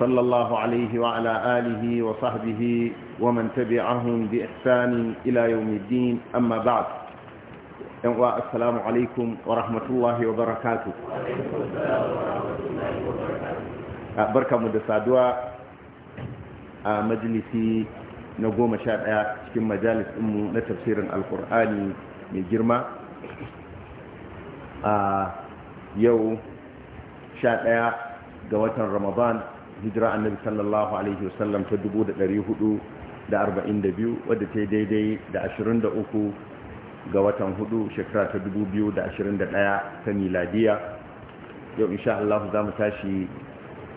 صلى الله عليه وعلى آله وصحبه ومن تبعهم بإحسان إلى يوم الدين أما بعد السلام عليكم ورحمة الله وبركاته بركة مدسادوة مجلسي نقوم شارع في مجالس أمو لتفسير القرآن من جرمى يوم شارع ga watan ramadan hijira annabi sallallahu alaihi wasallam ta 442 wadda ta daidai da 23 ga watan hudu shekara ta da 2021 ta miladiya yau insha Allah za mu tashi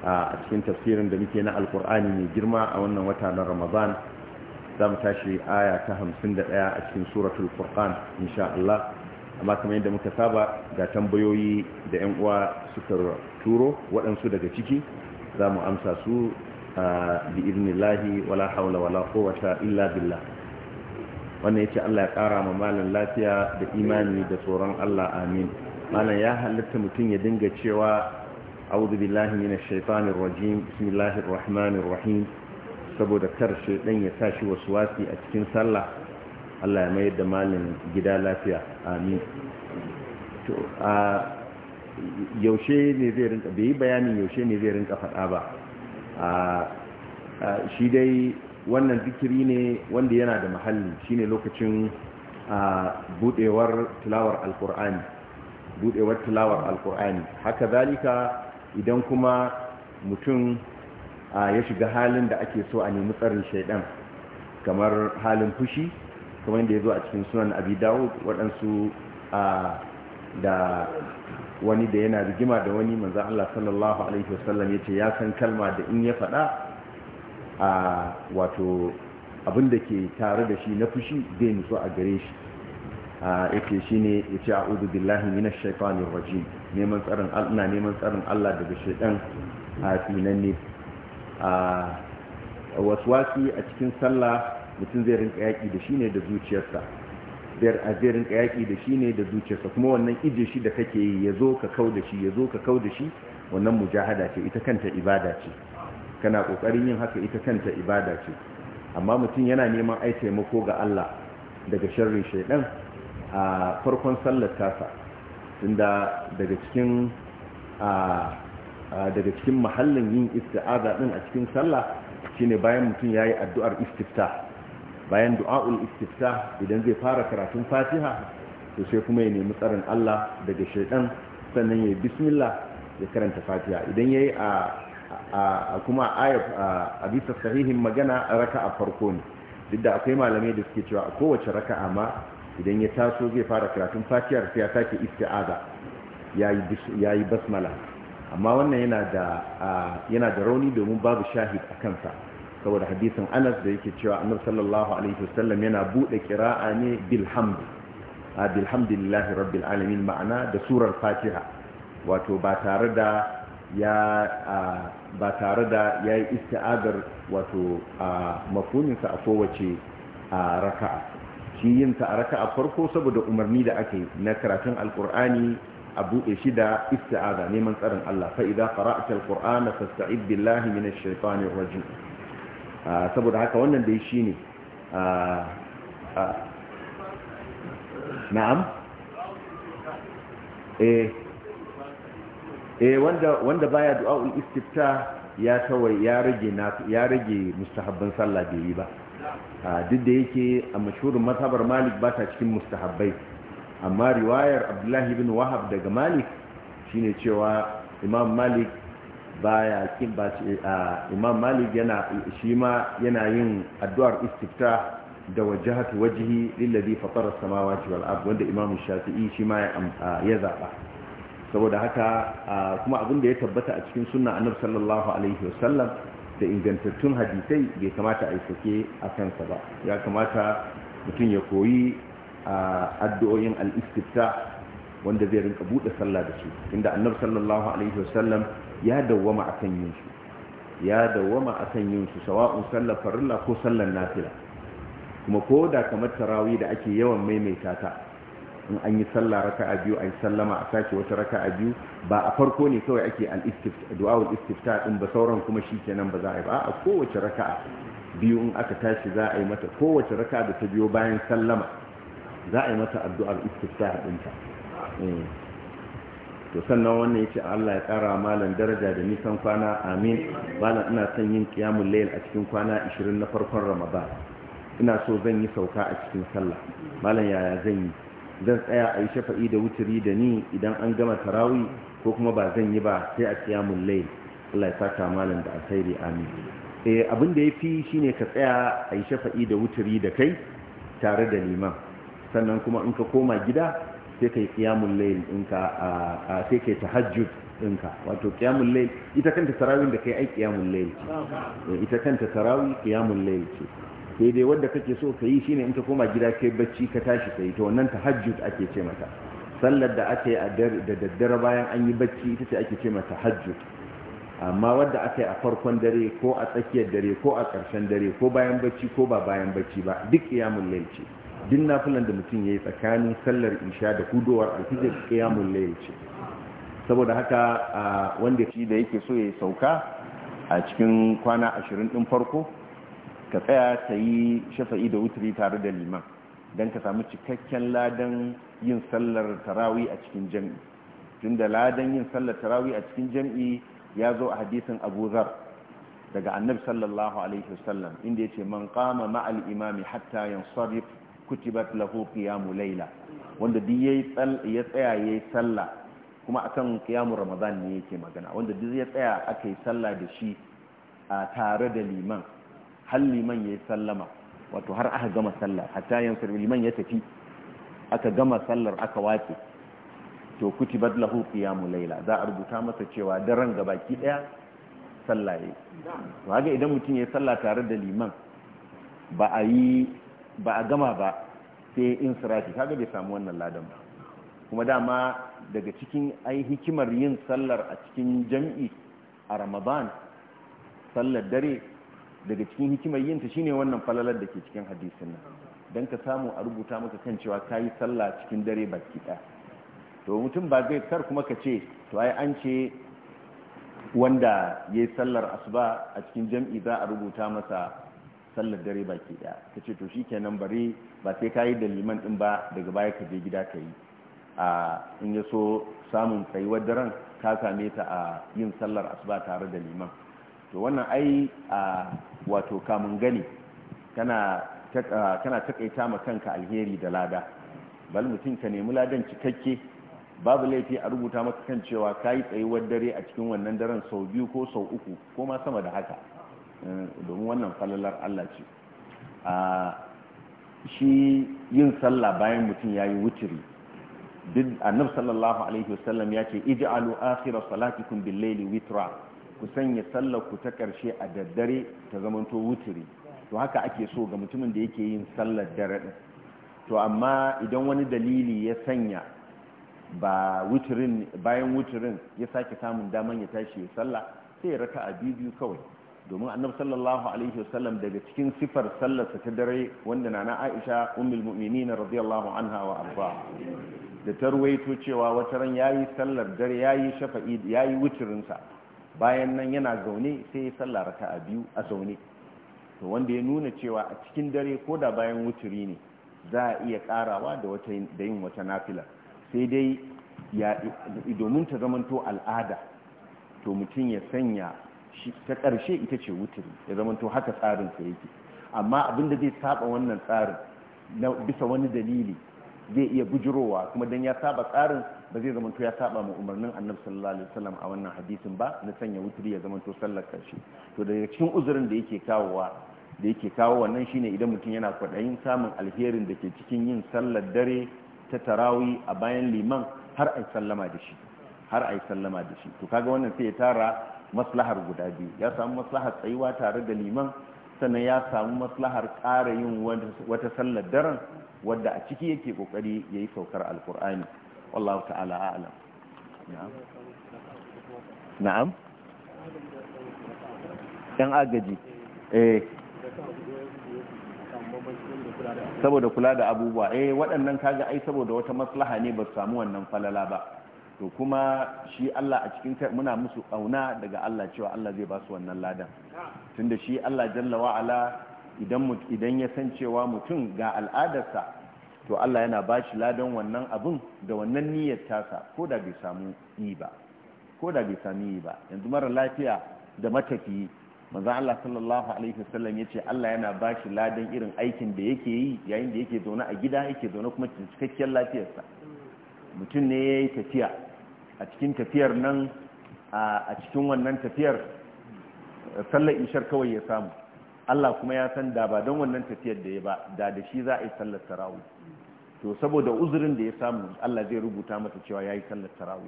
a cikin tafsirin da muke na alkur'ani mai girma a wannan wata na ramadan za mu tashi aya ta 51 a cikin suratul furqan insha Allah amma kamar yadda muka saba ga tambayoyi da 'yan uwa suka turo waɗansu daga ciki za mu amsa su bi iznillahi wala haula wala kowata illa billah wannan ce Allah ya kara ma malam lafiya da imani da tsoron Allah amin malam ya halatta mutum ya dinga cewa a'udhu billahi minash shaitanir rajim bismillahir rahmanir rahim saboda karshe shaidan ya tashi wasuwasi a cikin sallah Allah ya mayar da malam gida lafiya amin a yaushe ne zai rinka da yi bayanin yaushe ne zai rinka faɗa ba shi dai wannan zikiri ne wanda yana da mahalli shine lokacin budewar tilawar alkur'ani budewar tilawar alkur'ani haka zalika idan kuma mutum ya shiga halin da ake so a nemi tsarin shaidan kamar halin fushi kamar yadda ya zo a cikin sunan abi dawud waɗansu da wani da yana rigima da wani manzo Allah sallallahu alaihi wasallam ya ya san kalma da in ya faɗa a wato abin da ke tare da shi na fushi zai nutsu a gare shi ya ce shi ne ya ce a'udu billahi minash shaitanir rajim neman tsarin Allah neman tsarin Allah daga shaitan a ne. a waswasi a cikin sallah mutum zai rinka yaki da shi ne da zuciyarsa a jerin kayaki yaƙi da shi ne da zuciyarsa kuma wannan ije shi da kake yi ya zo ka kau da shi ya zo ka kau da shi wannan mujahada ce ita kanta ibada ce kana ƙoƙarin yin haka ita kanta ibada ce amma mutum yana neman ai taimako ga Allah daga sharrin shaidan a farkon sallar tasa tunda daga cikin a daga cikin mahallin yin isti'aza din a cikin sallah shine bayan mutum yayi addu'ar istiftah bayan du'a'ul istiftah idan zai fara karatun fatiha to sai kuma ya nemi tsarin Allah daga shaidan sannan ya yi bismillah ya karanta fatiha idan ya yi a kuma a bisa sahihin magana a raka a farko ne duk da akwai malamai da suke cewa a kowace raka ma idan ya taso zai fara karatun fatihar sai ya sake isti'aza ya yi basmala amma wannan yana da rauni domin babu shahid a kansa saboda hadisin anas da yake cewa annabi sallallahu alaihi wasallam yana bude kira'a ne bilhamd a bilhamdulillahi rabbil alamin ma'ana da surar fatiha wato ba tare da ya ba tare da ya yi isti'adar wato a kowace a kowace raka'a shi yin ta a raka'a farko saboda umarni da ake na karatun alkur'ani a buɗe shi da isti'ada neman tsarin Allah fa idza qara'ta alqur'ana fasta'id billahi minash shaitanir rajim Ah, saboda haka wannan dai shi ne ah, ah. na'am eh eh wanda wanda baya du'a'ul istifta ya tawai ya rage ya rage mustahabban sallah bai yi ba duk da yake a mashhurin mazhabar malik ba ta cikin mustahabbai amma riwayar abdullahi ibn wahab daga malik shine cewa imam malik baya kin ba imam malik yana shi ma yana yin addu'ar istifta da wajahatu wajhi lillazi fatara samawati wal ard wanda imam shafi'i shi ma ya zaba saboda haka kuma abin da ya tabbata a cikin sunna annabi sallallahu alaihi wasallam da ingantattun hadisai bai kamata a sake a kansa ba ya kamata mutum ya koyi addu'o'in al-istifta wanda zai rinka bude sallah da su inda annabi sallallahu alaihi wasallam ya dawwama akan yin su ya dawwama akan yin su sawa'un sallar farilla ko sallar nafila kuma ko da kamar tarawih da ake yawan maimaita ta in an yi sallah raka'a biyu yi sallama a sake wata raka'a biyu ba a farko ne kawai ake al-istifta du'a'ul din ba sauran kuma shikenan ba za a yi ba a kowace raka'a biyu in aka tashi za a yi mata kowace raka'a da ta biyo bayan sallama za a yi mata addu'ar istifta dinta eh. to sannan wannan ce Allah ya kara malan daraja da nisan kwana amin bana ina son yin qiyamul layl a cikin kwana 20 na farkon ramadan ina so zan yi sauka a cikin sallah malan yaya zan yi zan tsaya a yi shafa'i da wuturi da ni idan an gama tarawi ko kuma ba zan yi ba sai a qiyamul layl Allah ya saka malan da alkhairi amin eh abin da yafi shine ka tsaya a yi shafa'i da wuturi da kai tare da liman sannan kuma in ka koma gida sai kai kiyamun layl ɗinka a sai kai tahajjud ɗinka wato kiyamun layl ita kanta tarawih da kai ai qiyamul layl ce eh, ita kanta tarawih kiyamun layl ce sai dai wanda kake so ka yi shine in ka koma gida kai bacci ka tashi kai to wannan tahajjud ake ce mata sallar da aka yi da daddare bayan an yi bacci ita ce ake ce mata tahajjud amma wadda aka yi a farkon dare ko a tsakiyar dare ko a ƙarshen dare ko bayan bacci ko ba bayan bacci ba duk kiyamun layl ce duk nafilan da mutum ya yi tsakanin sallar isha da hudowar alfijar kiyamun layar ce saboda haka wanda shi da yake so ya sauka a cikin kwana ashirin din farko ka tsaya ta yi shafa'i da wuturi tare da liman don ka samu cikakken ladan yin sallar tarawi a cikin jam'i tun da ladan yin sallar tarawi a cikin jam'i ya zo a hadisin abu zar daga annabi sallallahu alaihi wasallam inda ya ce man kama ma'al imami hatta yansarif kutibat lahu qiyamu layla wanda duk yayi ya tsaya yayi sallah kuma akan qiyamu ramadan ne yake magana wanda duk ya tsaya aka yi sallah da shi a tare da liman hal liman yayi sallama wato har aka gama sallah hatta yansar liman ya tafi aka gama sallar aka wace to kutibat lahu qiyamu layla za a rubuta masa cewa daren gabaki daya sallah yayi to haka idan mutum yayi sallah tare da liman ba a yi ba a gama ba sai in sirafi kaga bai samu wannan ladan ba kuma dama daga cikin ai hikimar yin sallar a cikin jam'i a ramadan sallar dare daga cikin hikimar yin ta shine wannan falalar da ke cikin hadisin nan dan ka samu a rubuta maka kan cewa ka yi sallah cikin dare baki ɗaya to mutum ba zai kar kuma ka ce to ai an ce wanda yayi sallar asuba a cikin jam'i za a rubuta masa sallar dare baki daya ta ce to shikenan bare ba sai ka yi da liman din ba daga baya ka je gida ka yi a in ya so samun tsayuwar daren ka same ta a yin sallar asuba tare da liman to wannan ai a wato kamun gani kana kana takaita ma kanka alheri da lada bal mutum ka nemi ladan cikakke babu laifi a rubuta maka kan cewa ka yi tsayuwar dare a cikin wannan daren sau biyu ko sau uku ko ma sama da haka domin wannan falalar Allah ce shi yin sallah bayan mutum ya yi wuturi duk annab sallallahu alaihi wasallam ya ce iji alu akira salatikun billeli witra ku sanya sallar ku ta karshe a daddare ta zamanto wuturi to haka ake so ga mutumin da yake yin sallar dare din to amma idan wani dalili ya sanya ba wuturin bayan wuturin ya sake samun daman ya tashi ya sallah sai ya raka a biyu kawai domin annabi sallallahu alaihi wasallam daga cikin sifar sallarsa ta dare wanda na Aisha ummul mu'minin radiyallahu anha wa arda da tarwaito cewa wata ran yayi sallar dare yayi shafa'i yayi wucirin sa bayan nan yana zaune sai ya salla raka'a biyu a zaune to wanda ya nuna cewa a cikin dare ko da bayan wuturi ne za a iya karawa da wata da yin wata nafila sai dai ya domin ta zamanto al'ada to mutum ya sanya ta ƙarshe ita ce wuturi ya zama to haka tsarin sa yake amma abin da zai saba wannan tsarin na bisa wani dalili zai iya bujirowa kuma dan ya saba tsarin ba zai zama to ya saba ma umarnin annabi sallallahu alaihi wasallam a wannan hadisin ba na sanya wuturi ya zama to sallar ƙarshe to daga cikin uzurin da yake kawowa da yake kawo wannan shine idan mutum yana kwaɗayin samun alherin da ke cikin yin sallar dare ta tarawi a bayan liman har a sallama da shi har a sallama da shi to kaga wannan sai ya tara maslahar guda biyu ya samu maslahar tsayuwa tare da liman sannan ya samu maslahar ƙara yin wata sallar daren wadda a ciki yake ƙoƙari ya yi saukar alkur'ani wallahu ta'ala a'lam na'am yan agaji eh saboda kula da abubuwa eh waɗannan kaga ai saboda wata maslaha ne ba su samu wannan falala ba to kuma shi Allah a cikin kai muna musu auna daga Allah cewa Allah zai ba su wannan ladan tunda shi Allah jalla wa ala idan idan ya san cewa mutum ga al'adarsa to Allah yana ba shi ladan wannan abun da wannan niyyar tasa ko da bai samu yi ba ko da bai samu yi ba yanzu mara lafiya da matafiyi manzo Allah sallallahu alaihi wasallam yace Allah yana ba shi ladan irin aikin da yake yi yayin da yake zaune a gida yake zaune kuma cikakken lafiyarsa mutum ne ya yi tafiya a cikin tafiyar nan a cikin wannan tafiyar sallar ishar kawai ya samu Allah kuma ya san da ba don wannan tafiyar da ya ba da da shi za a yi sallar tarawu to saboda uzurin da ya samu Allah zai rubuta mata cewa ya yi sallar tarawu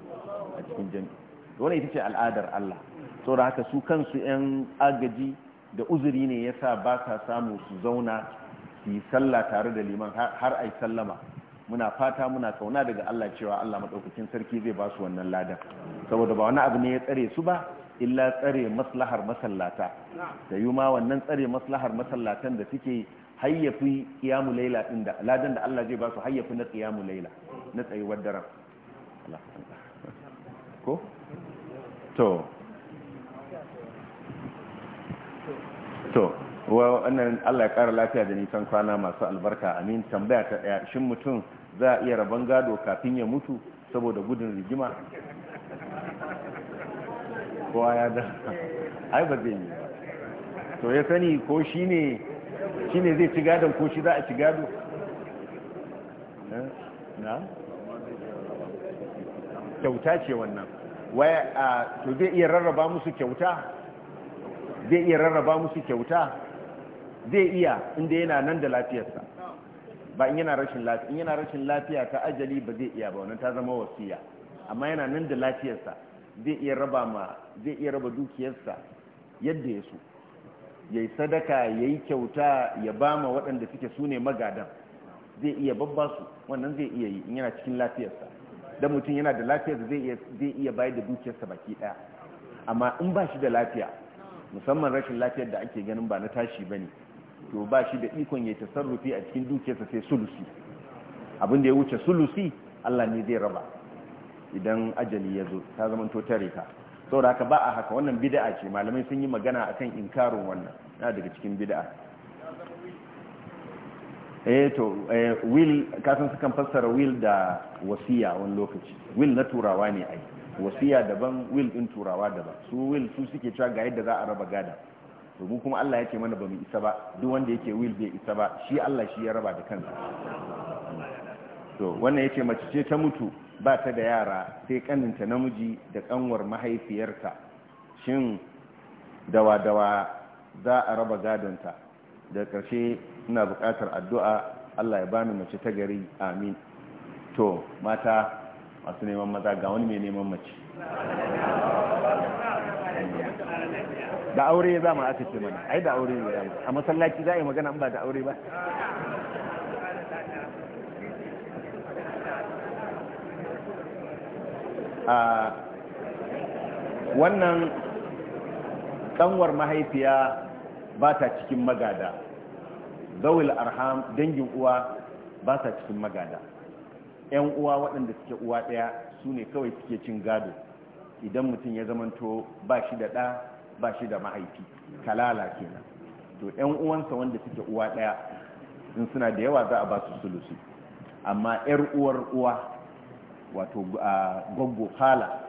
a cikin jami'i wannan ita ce al'adar Allah saboda haka su kansu 'yan agaji da uzuri ne ya sa ba sa samu su zauna su yi sallah tare da liman har a yi sallama muna fata muna kauna daga Allah cewa Allah madaukakin sarki zai ba su wannan ladan saboda ba wani abu ne ya tsare su ba illa tsare maslahar masallata da yi wannan tsare maslahar masallatan da suke hayyafi kiyamu laila din da ladan da Allah zai ba su hayyafi na kiyamu laila na tsayuwar daren ko to to wannan Allah ya ƙara lafiya da nisan kwana masu albarka amin tambaya ta ɗaya shin mutum za a iya rabon gado kafin ya mutu saboda gudun rigima kowa ya da ai ba zai yi ba to ya sani ko shi ne shi ne zai ci gadon ko shi za a ci gado eh, na kyauta ce wannan waya ah, to zai iya rarraba musu kyauta zai iya rarraba musu kyauta zai iya inda yana nan da lafiyarsa ba in yana rashin lafiya in yana rashin lafiya ta ajali ba zai iya ba wannan ta zama wasiya amma yana nan da lafiyarsa zai iya raba ma zai iya raba dukiyarsa yadda ya so yayi sadaka yayi kyauta ya bama waɗanda suke sune magadan zai iya babba su wannan zai iya yi in yana cikin lafiyarsa dan mutum yana da lafiyarsa zai iya zai iya bayar da dukiyarsa baki ɗaya amma in ba shi da lafiya musamman rashin lafiyar da ake ganin ba na tashi bane to ba shi da ikon ya tasarrufi a cikin dukiyarsa sai sulusi abin da ya wuce sulusi Allah ne zai raba idan ajali ya zo ta zama to tare ka saboda haka ba a haka wannan bid'a ce malamai sun yi magana akan inkarin wannan na daga cikin bid'a eh to eh, will kasan sukan fassara will da wasiya wani lokaci will na turawa ne ai wasiya daban will din turawa daban su will su suke cewa ga yadda za a raba gada domin kuma Allah yake mana ba mu isa ba duk wanda yake will bai isa ba shi Allah shi ya raba da kansa to wannan yace mace ce ta mutu ba ta da yara sai kaninta namiji da kanwar mahaifiyarta shin dawa dawa za a raba gadonta da karshe ina buƙatar addu'a Allah ya bani mace ta gari amin to mata masu neman maza ga wani mai neman mace da aure za mu aka ce mana ai da aure ne a masallaci za a yi magana in ba da aure ba a wannan ƙanwar mahaifiya ba ta cikin magada zawil arham dangin uwa ba sa cikin magada yan uwa waɗanda suke uwa ɗaya su ne kawai suke cin gado idan mutum ya zamanto ba shi da ɗa ba shi da mahaifi kalala kenan to ƴan uwansa wanda suke uwa ɗaya in suna da yawa za a ba su sulusi amma ƴar uwar uwa wato goggo kala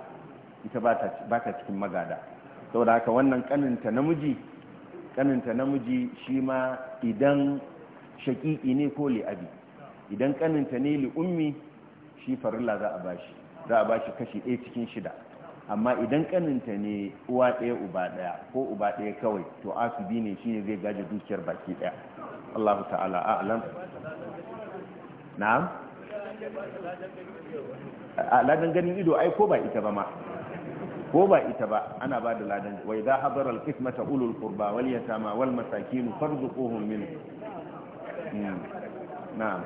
ita ba ta cikin magada saboda haka wannan kaninta namiji kaninta namiji shi ma idan shaƙiƙi ne ko li'abi idan kaninta ne li'ummi shi farilla za a bashi za a bashi kashi ɗaya cikin shida amma idan kaninta ne uwa ɗaya uba ɗaya ko uba ɗaya kawai to asibi ne shine zai gaji dukiyar baki ɗaya Allahu ta'ala a'lam na'am a ladan ganin ido ai ko ba ita ba ma ko ba ita ba ana ba da ladan wai za habar alkismata ulul qurba wal yatama wal masakin farzuquhum min hmm. na'am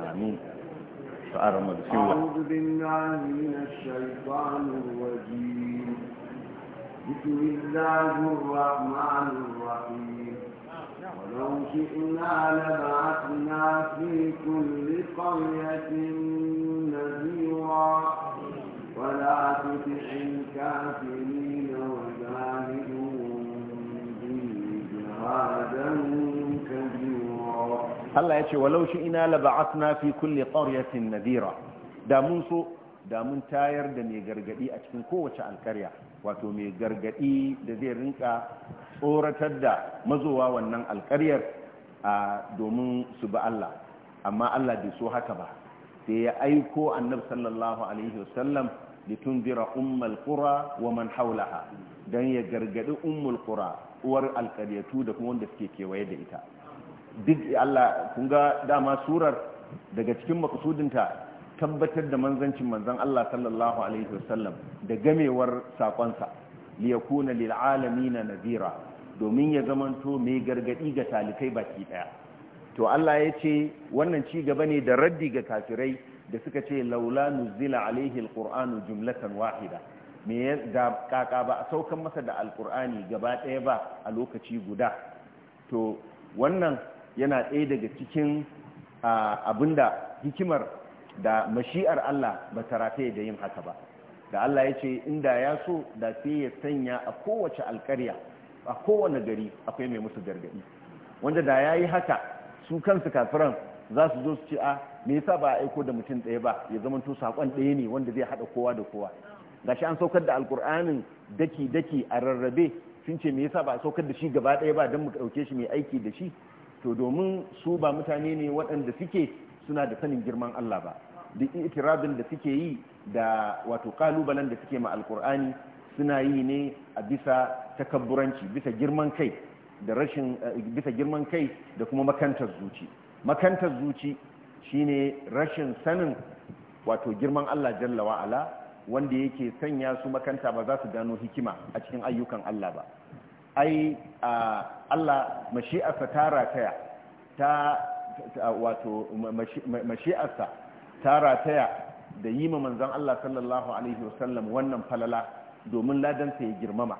amin أعوذ بالله من الشيطان الرجيم بسم الله الرحمن الرحيم ولو شئنا لبعثنا في كل قرية نذيرا ولا تطع الكافرين وجاهدوا به جهادا Allah ya ce walau shi ina laba'atna fi kulli qaryatin nadira da mun so da mun tayar da mai gargadi a cikin kowace alkarya wato mai gargadi da zai rinka tsoratar da mazowa wannan alkaryar domin su ba Allah amma Allah bai so haka ba sai ya aiko annabi sallallahu alaihi wasallam litundira ummal qura wa man haulaha dan ya gargadi ummul qura uwar alkaryatu da kuma wanda suke kewaye da ita duk Allah kun ga dama surar daga cikin makasudinta tabbatar da manzancin manzan Allah sallallahu alaihi wasallam da gamewar sakonsa liyakuna lil na Nazira domin ya zamanto mai gargadi ga talikai baki ɗaya, to Allah ya ce wannan ci gaba ne da raddi ga kafirai da suka ce laula nuzila alaihi alquranu jumlatan wahida me ya da kaka ba saukan masa da alqurani gaba daya ba a lokaci guda to wannan yana ɗaya daga cikin da hikimar da mashi'ar Allah ba ta rataye da yin haka ba da Allah ya ce inda ya so da sai ya sanya a kowace alkarya a kowane gari akwai mai musu gargaɗi wanda da ya yi haka su kansu kafiran za su zo su ce a me yasa ba a aiko da mutum ɗaya ba ya zama to saƙon ɗaya ne wanda zai haɗa kowa da kowa gashi an saukar da alkur'anin daki daki a rarrabe sun ce me yasa ba a saukar da shi gaba ɗaya ba don mu ɗauke shi mai aiki da shi to domin su ba mutane ne waɗanda suke suna da sanin girman Allah ba duk itirabin da suke yi da wato kalubalen da suke ma alkur'ani suna yi ne a bisa takabburanci bisa girman kai da rashin eh, bisa girman kai da kuma makantar zuci makantar zuci shine rashin sanin wato girman Allah jalla wa wanda yake sanya su makanta ba za su gano hikima a cikin ayyukan Allah ba ai a Allah mashi'arsa ta rataya ta wato mashi'arsa ta rataya da yi ma manzan Allah sallallahu alaihi wasallam wannan falala domin ladansa ya girmama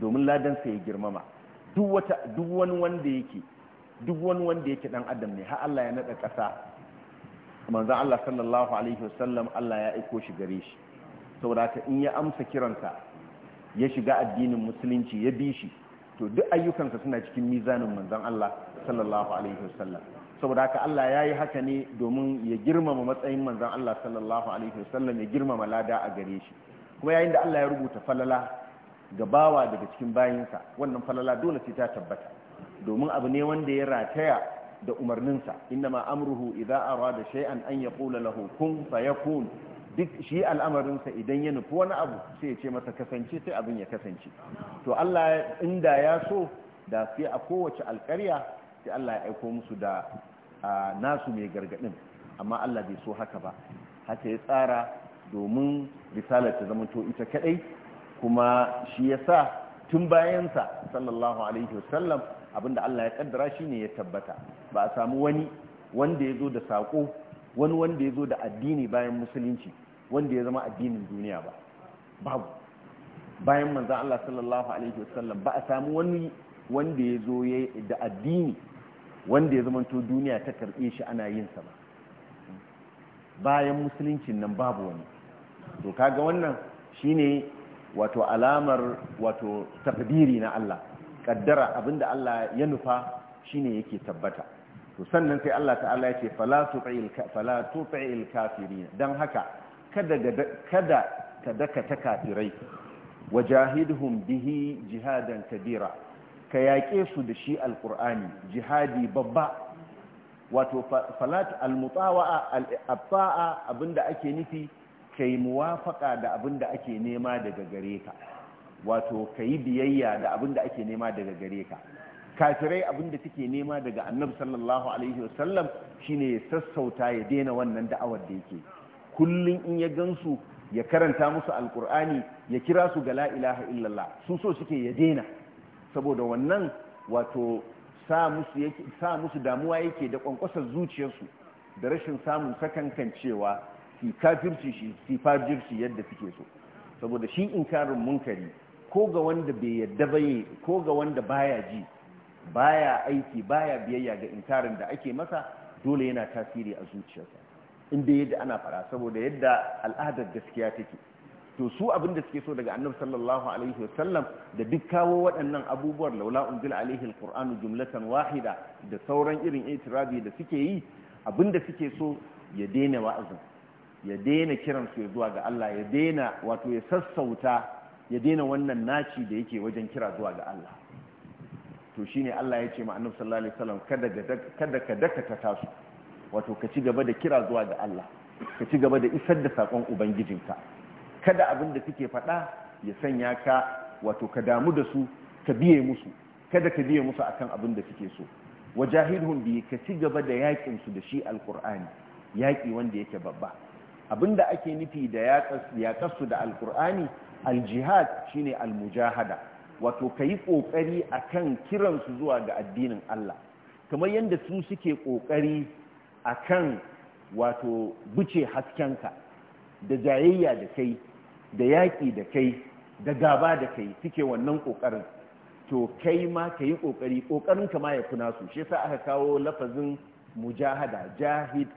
domin ladansa ya girmama duk wata duk wani wanda yake duk wani wanda yake dan adam ne har Allah ya nada kasa manzan Allah sallallahu alaihi wasallam Allah ya aiko shi gare shi saboda in ya amsa kiransa ya shiga addinin musulunci ya bi shi to duk ayyukansa suna cikin mizanin manzon Allah sallallahu alaihi wasallam saboda haka Allah ya yi haka ne domin ya girmama matsayin manzon Allah sallallahu alaihi wasallam ya girmama lada a gare shi kuma yayin da Allah ya rubuta falala ga bawa daga cikin bayinsa wannan falala dole sai ta tabbata domin abu ne wanda ya rataya da umarninsa inna ma amruhu idza arada shay'an an yaqula lahu kun fayakun duk shi al'amarinsa idan ya nufi wani abu sai ya ce masa kasance sai abin ya kasance to Allah inda ya so da sai a kowace alƙarya sai Allah ya aiko musu da nasu mai gargaɗin amma Allah bai so haka ba haka ya tsara domin risalar ta zama to ita kaɗai kuma shi ya sa tun bayansa sallallahu alaihi wasallam abinda Allah ya kaddara shi ne ya tabbata ba a samu wani wanda ya zo da saƙo wani wanda ya zo da addini bayan musulunci wanda ya zama addinin duniya ba babu bayan manzo Allah sallallahu alaihi wasallam ba a samu wani wanda ya zo da addini wanda ya zama to duniya ta karɓe shi ana yin sa ba bayan musuluncin nan babu wani to kaga wannan shine wato alamar wato takdiri na Allah kaddara abinda Allah ya nufa shine yake tabbata to sannan sai Allah ta'ala ya ce fala tu'il fala tu'il kafirin dan haka kada ka dakata kafirai wajahidhum bihi jihadan kabira ka yaƙe su da shi alƙur'ani jihadi babba wato falat almutawa'a al abinda ake nufi kai muwafaqa da abinda ake nema daga gare ka wato kai biyayya da abinda ake nema daga gare ka kafirai abinda suke nema daga annabi sallallahu alaihi wasallam shine ya sassauta ya daina wannan da'awar da yake kullum in ya gansu ya karanta musu alkur'ani ya kira su ga la'ilaha illallah su so suke ya daina saboda wannan wato sa musu damuwa yake da kwankwasar zuciyarsu da rashin samun sakankan cewa si kafirci shi si fajirci yadda suke so saboda shi inkarin munkari ko ga wanda bai yadda baye ko ga wanda baya ji baya aiki baya biyayya ga inkarin da ake masa dole yana tasiri a zuciyarsa inda yadda ana fara saboda yadda al'adar gaskiya take to su abin da suke so daga annabi sallallahu alaihi wasallam da duk kawo waɗannan abubuwan laula unzila alaihi alqur'anu jumlatan wahida da sauran irin itirabi da suke yi abin da suke so ya daina wa'azin ya daina kiran su zuwa ga Allah ya daina wato ya sassauta ya daina wannan naci da yake wajen kira zuwa ga Allah to shine Allah ya ce ma annabi sallallahu alaihi wasallam kada ka dakata tasu wato ka ci gaba da kira zuwa ga Allah ka ci gaba da isar da sakon ubangijinka kada abin da suke faɗa ya sanya ka wato ka damu da su ka biye musu kada ka biye musu akan abin da suke so wajahidhum bi ka ci gaba da yakin su da shi alqur'ani yaki wanda yake babba Abin da ake nufi da yakas da alqur'ani aljihad shine almujahada wato kayi kokari akan kiran su zuwa ga addinin Allah kamar yanda su suke kokari a kan wato buce haskenka da jayayya da kai da yaƙi da kai da gaba da kai suke wannan ƙoƙarin to kai ma ka yi ƙoƙari ƙoƙarinka ma ya fi nasu shi sa aka kawo lafazin mujahada jahid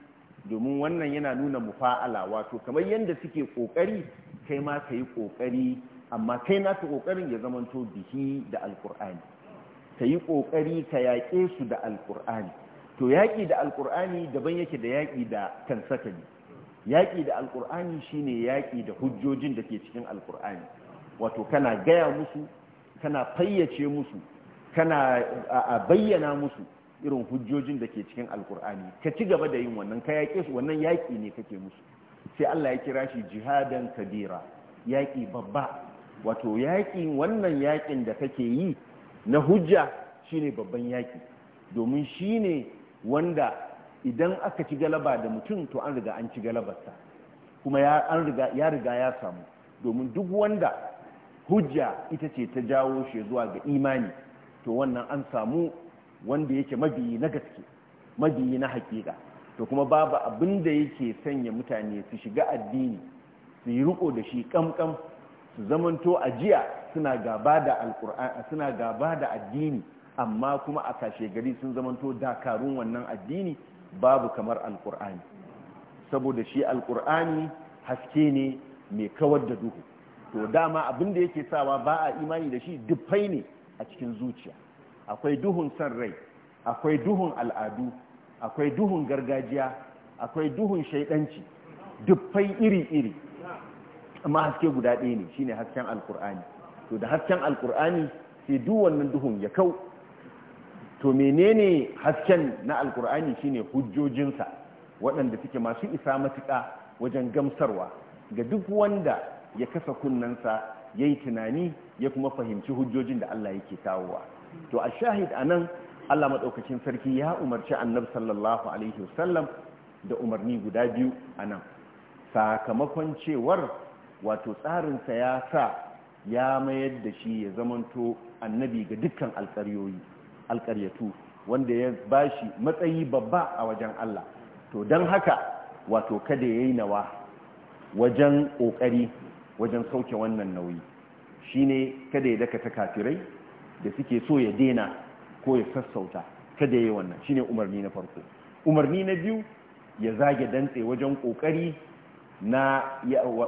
domin wannan yana nuna mufa'ala wato kamar yadda suke ƙoƙari kai ma ka yi ƙoƙari amma kai naka ƙoƙarin ya zamanto bihi da alƙur'ani ka yi ƙoƙari ka yaƙe su da alƙur'ani to yaƙi da alƙur'ani daban yake da yaƙi da kansakali yaƙi da alƙur'ani shine yaƙi da hujjojin da ke cikin alƙur'ani wato kana gaya musu kana fayyace musu kana a bayyana musu irin hujjojin da ke cikin alƙur'ani ka ci gaba da yin wannan ka yaƙe su wannan yaƙi ne kake musu sai Allah ya kira shi jihadan kabira yaƙi babba wato yaƙi wannan yaƙin da kake yi na hujja shine babban yaƙi domin shine wanda idan aka ci galaba da mutum to an riga an ci galabarsa kuma ya riga ya samu domin duk wanda hujja ita ce ta jawo shi zuwa ga imani to wannan an samu wanda yake mabiyi na gaske mabiyi na hakika to kuma babu abin da yake sanya mutane su shiga addini su yi riko da shi kamkam su zamanto ajiya suna gaba da suna gaba da addini amma kuma a kashe gari sun zamanto dakarun wannan addini babu kamar alkur'ani saboda shi alkur'ani haske ne mai kawar da duhu to dama abin da yake sawa ba a imani da shi dufai ne a cikin zuciya akwai duhun san rai akwai duhun al'adu akwai duhun gargajiya akwai duhun shaidanci dufai iri-iri amma haske guda ɗaya ne shine hasken alkur'ani to da hasken alkur'ani sai duk wannan duhun ya kau to menene hasken na alkur'ani shine hujjojinsa waɗanda suke masu isa matuƙa wajen gamsarwa ga duk wanda ya kasa kunnensa ya yi tunani ya kuma fahimci hujjojin da Allah yake kawowa to a shahid a nan Allah maɗaukacin sarki ya umarci annab sallallahu alaihi wasallam da umarni guda biyu a nan sakamakon cewar wato tsarinsa ya sa ya mayar da shi ya zamanto annabi ga dukkan alƙaryoyi alƙaryatu wanda ya ba shi matsayi babba a wajen Allah to don haka wato kada ya yi nawa wajen ƙoƙari wajen sauke wannan nauyi shi ne kada ya daka ta kafirai da suke so ya dena ko ya sassauta kada ya yi wannan shi ne umarni na farko umarni na biyu ya zage dantse wajen ƙoƙari na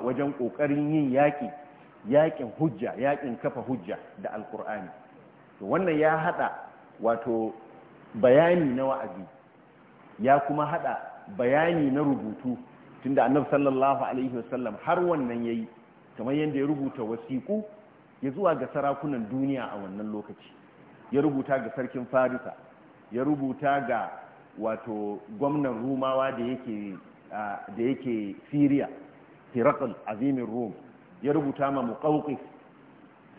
wajen ƙoƙarin yin yaƙi yaƙin hujja yaƙin kafa hujja da alƙur'ani to wannan ya haɗa wato bayani na wa'azi ya kuma hada bayani na rubutu tunda annabi sallallahu alaihi wasallam har wannan ya yi. kamar yadda ya rubuta wasiku ya zuwa ga sarakunan duniya a wannan lokaci ya rubuta ga sarkin farisa ya rubuta ga wato gwamnan rumawa da yake da siriya hirakul azimin rum ya rubuta ma muƙauƙi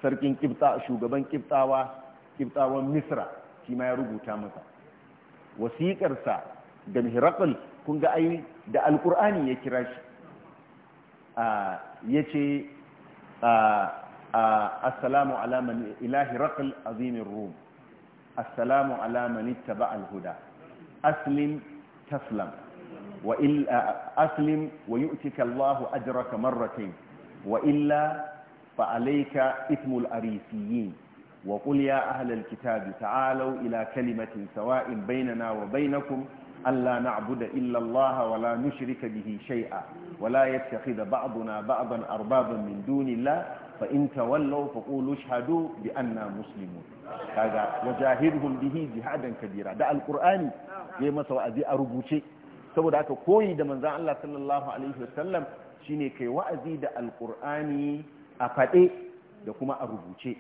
sarkin kibta shugaban kibtawa kibtawan misra shi ma ya rubuta masa wasiƙarsa da mihrakal kun ga ai da alƙur'ani ya kira shi ya ce assalamu ala ilahi raqal azimin rum assalamu ala man ittaba huda aslim taslam wa aslim wa yu'tika Allahu kamar marratayn wa illa fa alayka ithmul arisiyin wa ya ahlal kitabi ta'alau ila kalimatin sawa'in bainana wa bainakum alla na'budu illa Allah wala la nushrika bihi shay'a wa la da ba'duna ba'dan arbaban min dunillah fa in tawallaw faqulu ashhadu bi anna muslimun kaga wajahidhum bihi jihadan kabira da alqur'ani yayi masa wa'azi a rubuce saboda haka koyi da manzan Allah sallallahu Alaihi wasallam shi kai wa'azi da alƙur'ani a faɗe da kuma a rubuce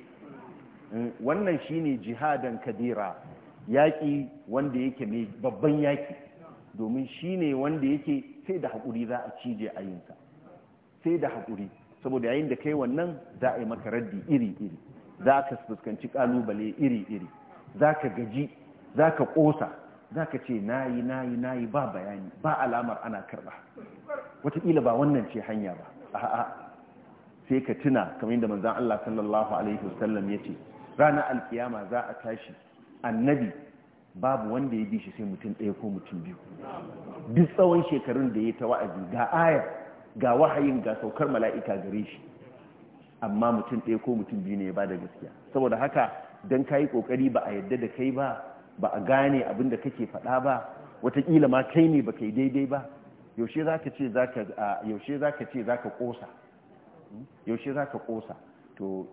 wannan shine jihadan kadira yaƙi wanda yake mai babban yaƙi domin shine wanda yake sai da haƙuri za a cije ayinsa sai da haƙuri saboda yayin da kai wannan za a yi maka raddi iri-iri za ka fuskanci ƙalubale iri-iri za ka gaji za ka ƙosa za ka ce nayi nayi nayi ba bayani ba alamar ana karɓa wataƙila ba wannan ce hanya ba a'a sai ka tuna kamar yadda manzon Allah sallallahu alaihi wasallam yace ranar alkiyama za a tashi annabi babu wanda ya bi shi sai mutum ɗaya ko mutum biyu duk tsawon shekarun da ya ta wa'azi ga aya ga wahayin ga saukar mala'ika gare shi amma mutum ɗaya ko mutum biyu ne ya bada gaskiya saboda haka dan kayi ƙoƙari ba a yadda da kai ba ba a gane abin da kake faɗa ba Wataƙila ma kai ne ba kai daidai ba yaushe zaka ce za ka ƙosa? ce yaushe za ka ƙosa to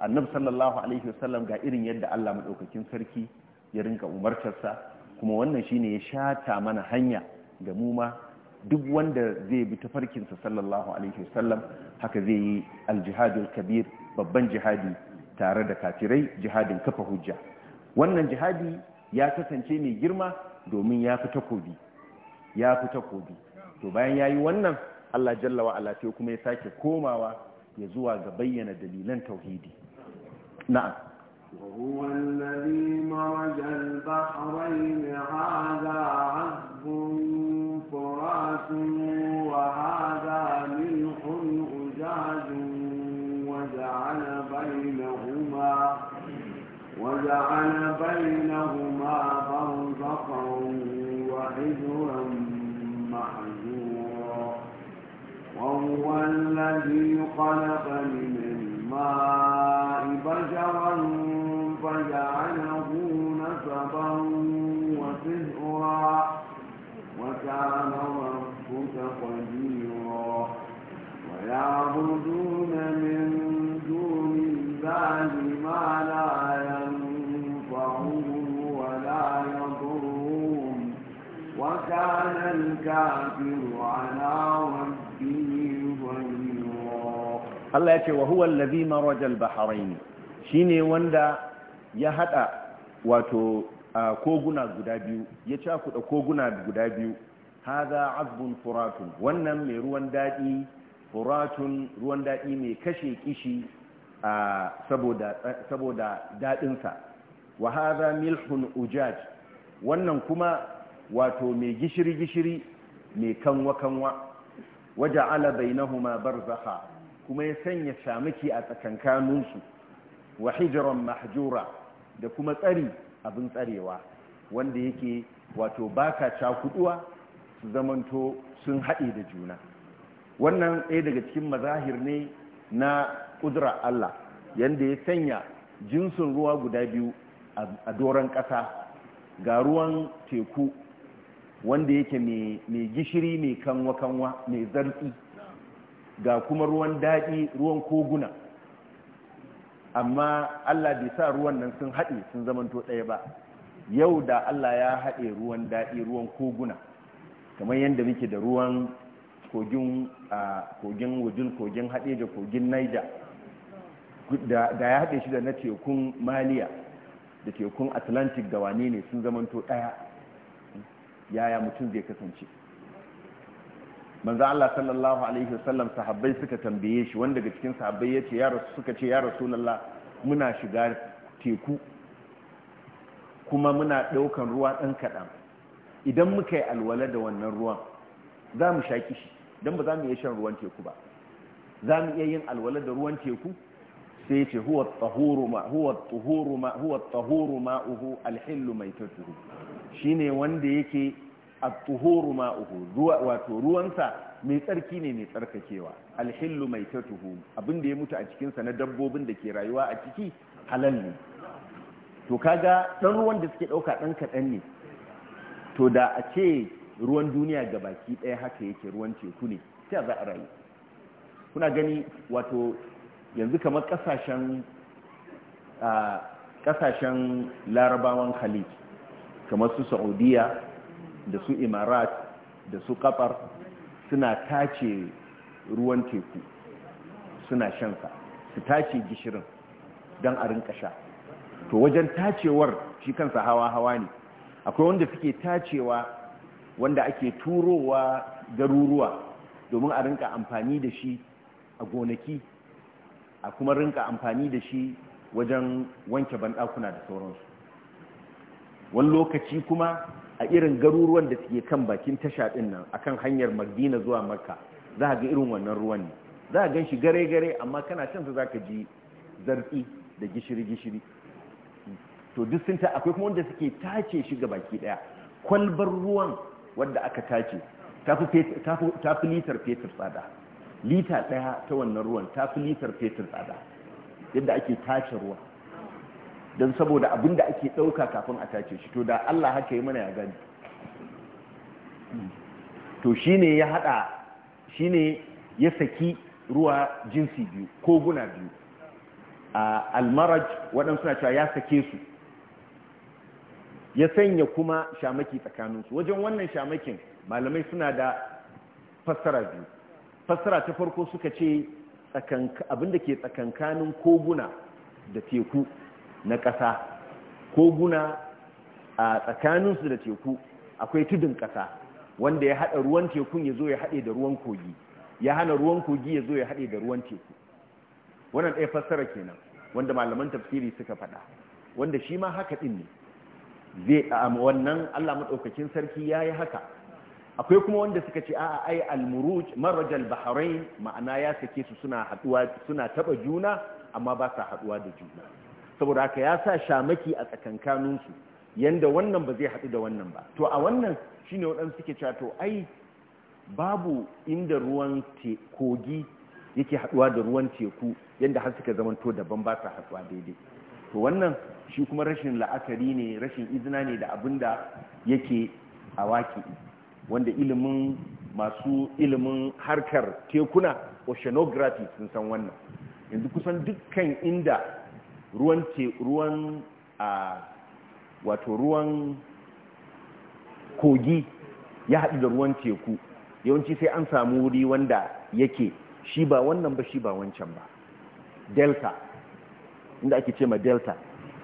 annabi sallallahu alaihi wasallam ga irin yadda Allah maɗaukakin sarki ya rinka umartarsa kuma wannan shine ya shata mana hanya da mu ma duk wanda zai bi tafarkinsa sallallahu alaihi wasallam haka zai yi aljihadul kabir babban jihadi tare da kafirai jihadin kafa hujja wannan jihadi ya kasance mai girma domin ya fi takobi ya fi takobi to bayan ya yi wannan Allah jalla wa ala sai kuma ya sake komawa ya zuwa ga bayyana dalilan tauhidi na'am وهو الذي مرج البحرين هذا عذب فرات وهذا ملح أجاج وجعل بينهما وجعل بينهما وحجرا محجورا الذي خلق من الماء بشرا فجعله نسبا وسهرا وكان ربك قديرا ويعبدون من دون الله ما لا وكان الكافر على ربه ظهيرا الله يتي وهو الذي مرج البحرين شيني وندا ya haɗa wato koguna guda biyu ya cakuda koguna guda biyu haza azbun furatun wannan mai ruwan daɗi furatun ruwan daɗi mai kashe kishi saboda daɗinsa wa haza milhun ujaj wannan kuma wato mai gishiri-gishiri mai kanwa-kanwa waje ala bar barzakha kuma ya sanya shamaki a tsakankaninsu wa hijiran mahjura da kuma tsari abin tsarewa wanda yake wato baka cakuduwa su zamanto sun haɗe da juna wannan ɗaya daga cikin mazahir ne na ƙudura Allah yadda ya sanya jinsin ruwa guda biyu a doron ƙasa ga ruwan teku wanda yake mai gishiri mai kanwa-kanwa mai zarfi ga kuma ruwan daɗi ruwan koguna amma allah bai sa ruwan nan sun haɗe sun zamanto ɗaya ba yau da allah ya haɗe ruwan daɗi ruwan koguna kamar yadda muke da ruwan kogin wujin kogin haɗe da kogin naija da ya haɗe shi da na tekun maliya da tekun atlantic da wane ne sun zamanto ɗaya yaya mutum zai kasance manzo Allah sallallahu alaihi wasallam sahabbai suka tambaye shi wanda daga cikin sahabbai yace ya rasu suka ce ya rasulullah muna shiga teku kuma muna daukan ruwa dan kadan idan muka yi alwala da wannan ruwan za mu shaki shi dan ba za mu iya shan ruwan teku ba za mu iya yin alwala da ruwan teku sai ce huwa tsahuru ma huwa tahuru ma huwa tahuru shine wanda yake a tuhuru ma'uhu uhu wato ruwansa mai tsarki ne mai tsarkakewa alhillu tattuhu abinda ya mutu a cikinsa na dabbobin da ke rayuwa a ciki halal ne to kaga ɗan ruwan da suke dauka ɗan kaɗan ne to da a ce ruwan duniya ga baki ɗaya haka yake ruwan teku ne sai za a rayu kuna gani wato yanzu kamar kasashen kasashen larabawan khalid kamar su saudiya da su imarat da su kafar suna tace ruwan teku suna shansa su tace gishirin don a rinka sha to wajen tacewar shi kansa hawa-hawa ne akwai wanda suke tacewa wanda ake turowa garuruwa domin a rinka amfani da shi a gonaki a kuma rinka amfani da shi wajen wanke banɗakuna da sauransu wani lokaci kuma a irin garuruwan da suke kan bakin tasha ɗin nan akan hanyar madina zuwa makka za ga irin wannan ruwan ne za a gan shi gare-gare amma kana su za ka ji zarfi da gishiri-gishiri to duk sun ta akwai kuma wanda suke tace shi ga baki ɗaya, kwalbar ruwan wadda aka tace ta fi litar fetur tsada lita ɗaya ta wannan ruwan ta fi litar fetur tsada yadda ake tace ruwa don saboda abin da ake ɗauka kafin a tace shi to da allah haka yi mana ya gani to shi ne ya haɗa shi ne ya saki ruwa jinsi biyu koguna biyu a almaraj waɗansu na cewa ya sake su ya sanya kuma shamaki tsakaninsu wajen wannan shamakin malamai suna da fassara biyu fassara ta farko suka ce abinda ke tsakankanin koguna da teku na ƙasa koguna a tsakaninsu da teku akwai tudun ƙasa wanda ya haɗa ruwan tekun ya zo ya haɗe da ruwan kogi ya hana ruwan kogi ya zo ya haɗe da ruwan teku wannan ɗaya fassara kenan wanda malaman tafsiri suka faɗa wanda shi ma haka ɗin ne zai wannan allah maɗaukakin sarki ya yi haka akwai kuma wanda suka ce a ai al-muruj al-bahrain ma'ana ya sake su suna haduwa suna taba juna amma ba sa haduwa da juna saboda haka ya sa shamaki a tsakankanin su yanda wannan ba zai hadu da wannan ba to a wannan shine wadan suke cewa to ai babu inda ruwan kogi yake haduwa da ruwan teku yanda har suka zamanto daban ba sa haduwa daidai to wannan shi kuma rashin la'akari ne rashin izina ne da abinda yake a waki wanda ilimin masu ilimin harkar tekuna oceanography sun san wannan yanzu kusan dukkan inda ruwan ce ruwan a wato ruwan kogi ya haɗu da ruwan teku yawanci sai an samu wuri wanda yake shi ba wannan ba shi ba wancan ba delta inda ake ce ma delta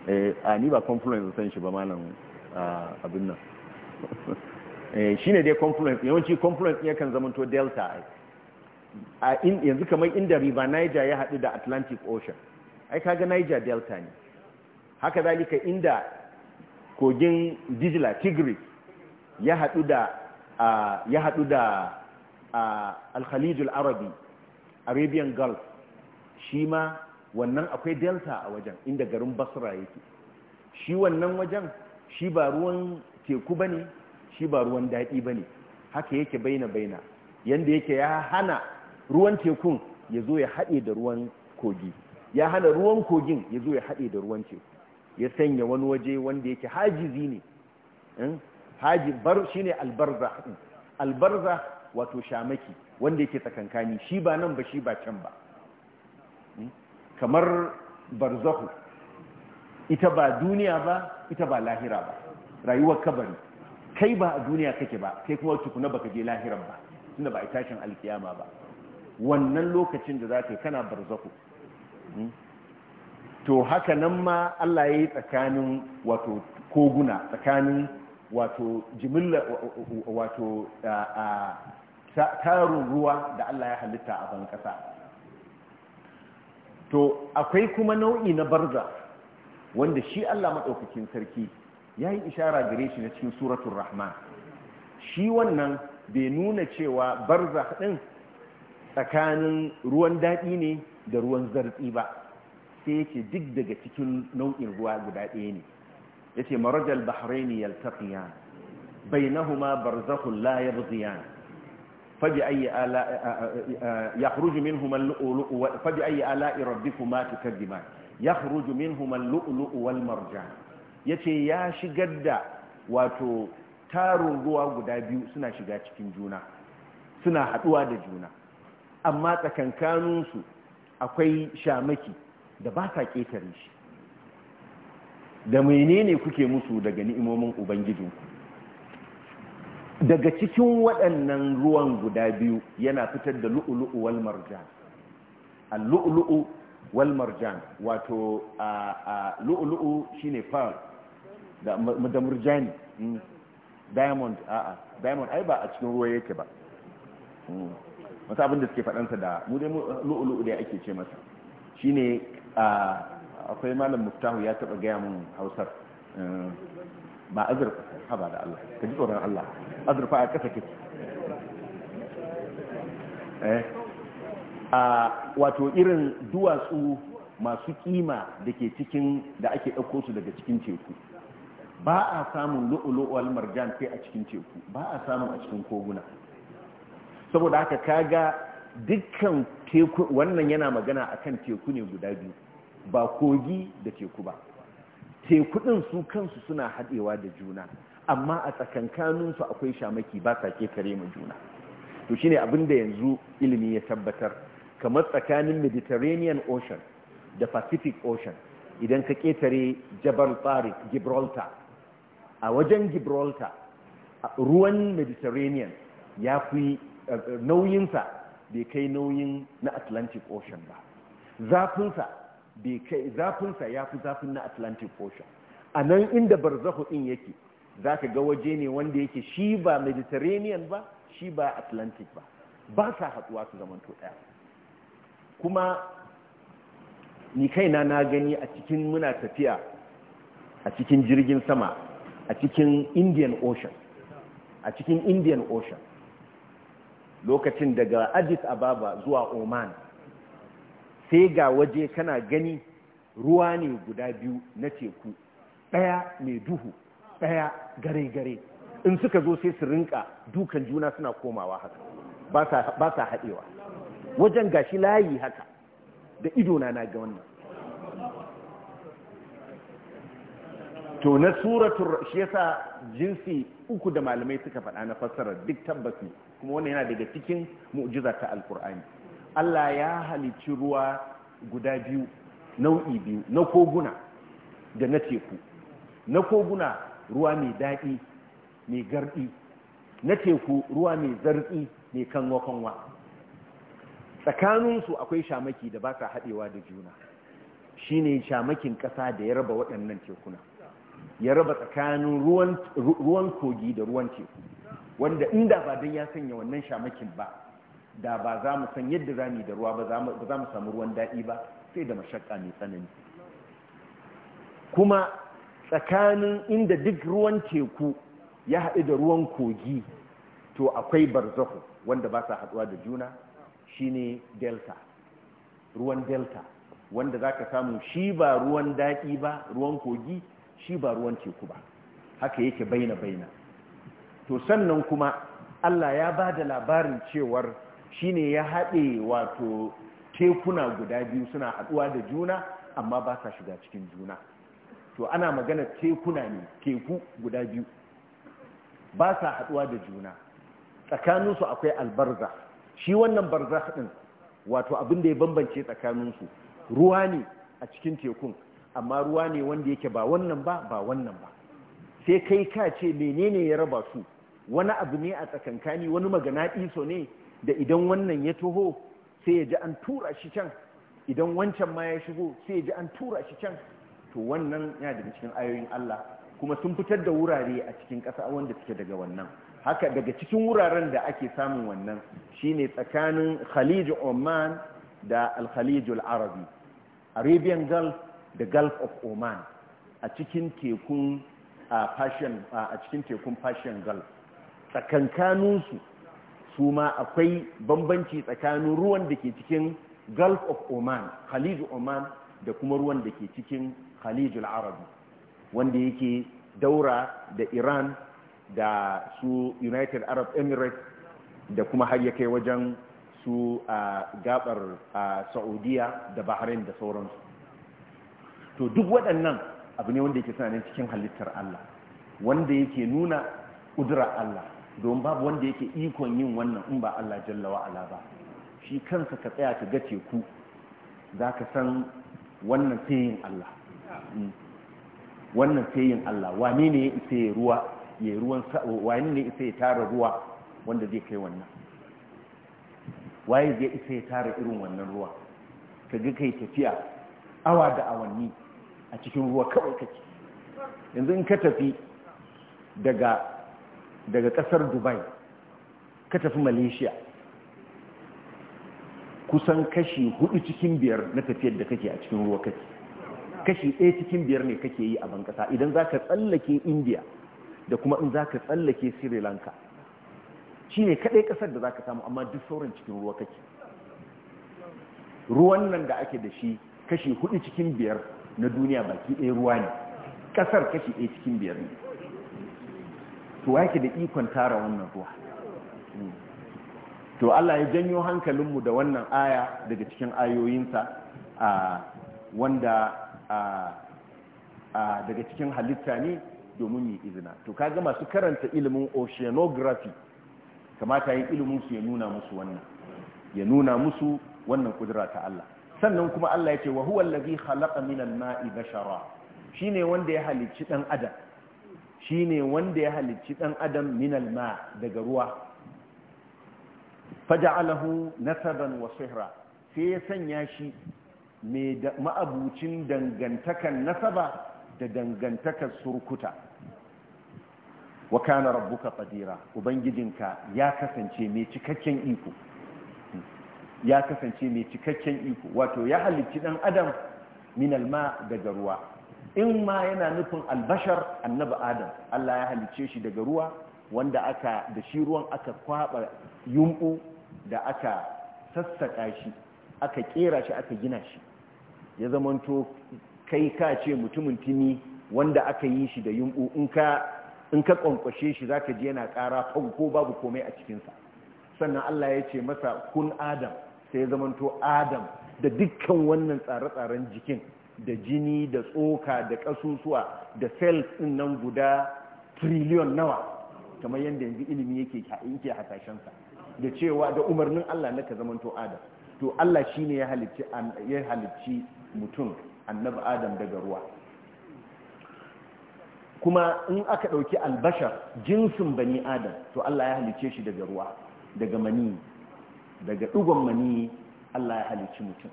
eh, a ni ba confluence san shi ba malam abin nan Eh, shi ne dai confluence yawanci confluence ya kan zamanto delta a yanzu kamar inda river niger ya haɗu da atlantic ocean ai kaga niger delta ne haka zalika inda kogin digila tigris ya haɗu da ya haɗu da alkhalijul arabi arabian gulf shi ma wannan akwai delta a wajen inda garin basra yake shi wannan wajen shi ba ruwan teku bane. shi ba ruwan daɗi ba ne haka yake baina baina yadda yake ya hana ruwan tekun ya zo ya haɗe da ruwan kogi ya hana ruwan kogin ya zo ya haɗe da ruwan teku ya sanya wani waje wanda yake hajizi ne hmm? shi bar albarza albarza wato shamaki wanda yake tsakankani shi ba nan ba shi ba can ba hmm? kamar barzahu ita ba duniya ba ita ba lahira ba rayuwar kabari kai ba a duniya kake ba kai kuma tukuna baka je lahiran ba tunda ba a tashin alkiyama ba wannan lokacin da yi kana barzaku hmm? to haka nan ma Allah ya yi tsakanin wato koguna tsakanin wato jimilla wato tarin ruwa da Allah ya halitta a bankasa to akwai kuma nau'i na barza wanda shi Allah maɗaukakin sarki ya yi ishara gare shi na cikin suratun rahman shi wannan bai nuna cewa barza ɗin tsakanin ruwan daɗi ne da ruwan zartsi ba sai yake duk daga cikin nau'in ruwa guda ɗaya ne ya ce marajal bahraini ya bainahuma barzakhun la yabghiyan fabi ayi ala yakhruju minhuma al-lu'lu'u fabi ayi ala rabbikuma tukadiman yakhruju minhuma marjan ya ce ya shigar da wato tarin ruwa guda biyu suna shiga cikin juna suna haɗuwa da juna amma tsakankaninsu akwai shamaki da ba sa ƙetare shi da menene kuke musu daga ni'imomin ubangijinku daga cikin waɗannan ruwan guda biyu yana fitar da lu'ulu'u wal marjan al-lu'ulu'u wal marjan wato lu'ulu'u shine pearl da murjani hmm. diamond a'a diamond ai ba a cikin ruwa yake ba hmm. wasu abin da suke faɗansa da mu dai lu'ulu'u da ake ce masa shine akwai malam muftahu ya taɓa gaya mun hausar eh, ba azurfa haba da Allah ka ji tsoron Allah azurfa a ƙasa kake eh, a wato irin duwatsu masu kima da ke cikin da ake ɗauko su daga cikin teku ba a samun lu'u wal marjan sai a cikin teku ba a samun a cikin koguna saboda haka kaga dukkan teku wannan yana magana akan teku ne guda biyu ba kogi da teku ba teku din su kansu suna haɗewa da juna amma a su akwai shamaki ba sa ke kare mu juna to shine abin da yanzu ilimi ya tabbatar kamar tsakanin Mediterranean Ocean da Pacific Ocean idan ka ƙetare Jabal Tariq Gibraltar a wajen gibraltar ruwan mediterranean ya fi eh, eh, nauyinsa bai kai nauyin na atlantic ocean ba zafinsa zafinsa ya fi zafin na atlantic ocean a nan inda barzahu din yake za ka ga waje ne wanda yake shi ba mediterranean ba shi ba atlantic ba ba sa haɗuwa su zamanto ɗaya kuma ni kaina na gani a cikin muna tafiya a cikin jirgin sama a cikin indian ocean a cikin indian ocean lokacin daga addis ababa zuwa oman sai ga waje kana gani ruwa ne guda biyu na teku ɗaya mai duhu ɗaya gare-gare in suka zo sai su rinka dukan juna suna komawa haka ba sa haɗewa wajen gashi layi haka da idona na ga wannan to na suratul shi yasa jinsi uku da malamai suka faɗa na fassara duk tabbas ne kuma wannan yana daga cikin mu'jiza ta alkur'ani Allah ya halicci ruwa guda biyu nau'i biyu na koguna da na teku na koguna ruwa mai daɗi mai garɗi na teku ruwa mai zartsi mai kanwa-kanwa tsakaninsu akwai shamaki da ba sa haɗewa da juna shine shamakin ƙasa da ya raba waɗannan tekuna ya raba tsakanin ruwan kogi da ruwan teku wanda inda ba don ya sanya wannan shamakin ba da ba za mu san yadda za mu yi da ruwa ba za mu samu ruwan daɗi ba sai da mashakka mai tsanani kuma tsakanin inda duk ruwan teku ya haɗu da ruwan kogi to akwai barzahu wanda ba sa haɗuwa da juna shi ne delta ruwan delta wanda za ka samu shi ba ruwan daɗi ba ruwan kogi shi ba ruwan teku ba haka yake baina baina to sannan kuma Allah ya ba da labarin cewar shine ya haɗe wato tekuna guda biyu suna haɗuwa da juna amma ba sa shiga cikin juna to ana magana tekuna ne teku guda biyu ba sa haɗuwa da juna tsakaninsu akwai albarza shi wannan barza ɗin wato abinda ya bambance tsakaninsu ruwa ne a cikin tekun amma ruwa ne wanda yake ba wannan ba ba wannan ba sai kai ka ce menene ya raba su wani abu ne a tsakankani wani magana iso ne da idan wannan ya toho sai ya ji an tura shi can idan wancan ma ya shigo sai ya ji an tura shi can to wannan ya daga cikin ayoyin Allah kuma sun fitar da wurare a cikin ƙasa wanda suke daga wannan haka daga cikin wuraren da ake samun wannan shine tsakanin Khalij Oman da Al-Khalij Al-Arabi Arabian Gulf the gulf of oman a cikin tekun fashion a cikin tekun fashion gulf tsakankaninsu su ma akwai bambanci tsakanin ruwan da ke cikin gulf of oman khalij oman da kuma ruwan da ke cikin khalijul arabi wanda yake daura da iran da su united arab emirates da kuma har ya kai wajen su a gabar saudiya da bahrain da sauransu to duk waɗannan abu ne wanda yake suna cikin halittar Allah wanda yake nuna ƙudurar Allah don babu wanda yake ikon yin wannan in ba Allah jalla wa'ala ba shi kansa ka tsaya ka ga teku za ka san wannan sayin Allah mm. wannan sayin Allah wani ne ya isa ya ruwa ya ruwan wane ne isa ya tara ruwa wanda zai kai wannan waye zai isa ya tara irin wannan ruwa ka ga kai tafiya awa da awanni a cikin ruwa kawai kake yanzu in ka tafi daga kasar dubai ka tafi malaysia kusan kashi hudu cikin biyar na tafiyar da kake a cikin ruwa kake kashi ɗaya cikin biyar ne kake yi a bankasa idan za ka tsallake Indiya da kuma in za ka tsallake sri lanka shi ne kaɗai kasar da za ka samu amma duk sauran cikin ruwa kake ruwan nan da ake da shi kashi hudu cikin biyar na duniya baki ɗaya ruwa ne ƙasar kashi ɗaya cikin biyar ne to yake da ikon tara wannan ruwa to Allah ya janyo hankalinmu da wannan aya daga cikin ayoyinsa a wanda a daga cikin halitta ne domin yi izina to kaga masu karanta ilimin oceanography kamata yin ilimin su ya nuna musu wannan ya nuna musu wannan kudura ta Allah sannan kuma Allah ya ce wa huwa allazi khalaqa minal ma'i bashara shine wanda ya halicci dan adam shine wanda ya halicci dan adam minal ma daga ruwa faja'alahu nasaban wa sihra sai ya sanya shi mai ma'abucin dangantakan nasaba da dangantakar surkuta wa kana rabbuka qadira ubangijinka ya kasance mai cikakken iko ya kasance mai cikakken iko wato ya halicci dan adam min alma daga ruwa in ma yana nufin albashar annabi adam Allah ya halicce shi daga ruwa wanda aka da shi ruwan aka kwaba yumbu da aka sassaka shi aka kera shi aka gina shi ya zamanto kai ka ce mutumin tini wanda aka yi shi da yumbu in ka in ka kwankwashe shi zaka ji yana ƙara fanko babu komai a cikinsa sannan Allah ya ce masa kun adam sai ya zamanto adam da dukkan wannan tsare-tsaren jikin da jini da tsoka da kasusuwa da cells ɗin nan guda triliyon nawa kamar yadda yanzu ilimi yake yake hasashensa da cewa da umarnin Allah na ka zamanto adam to Allah shine ya halicci ya halicci mutum annabi adam daga ruwa kuma in aka ɗauki albashar jinsin bani adam to Allah ya halicce shi daga ruwa daga mani daga dugon mani Allah ya halicci mutum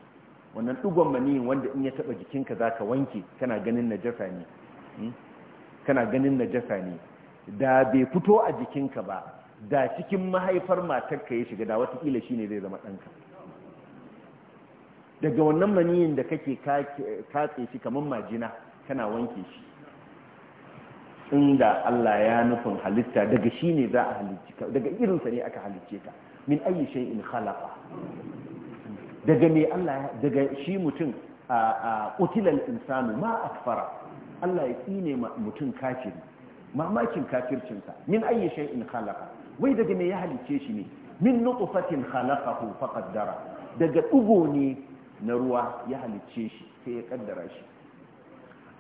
wannan dugon mani wanda in ya taba jikinka zaka wanke kana ganin najasa ne hmm? kana ganin najasa ne da bai fito a jikinka ba da cikin mahaifar matarka ya shiga da watakila shine zai zama ɗanka daga wannan maniyin da kake katse shi kaman majina kana wanke shi inda Allah ya nufin halitta daga shi za a halicci daga irinsa ne aka halicce ka min ayi in khalaqa daga me Allah daga shi mutum a utilal insanu ma akfara Allah ya tsine mutum kafiri mamakin kafircinsa min ayi in khalaqa wai daga me ya halice shi ne min nutfatin khalaqahu faqaddara daga dugo ne na ruwa ya halice shi sai ya kaddara shi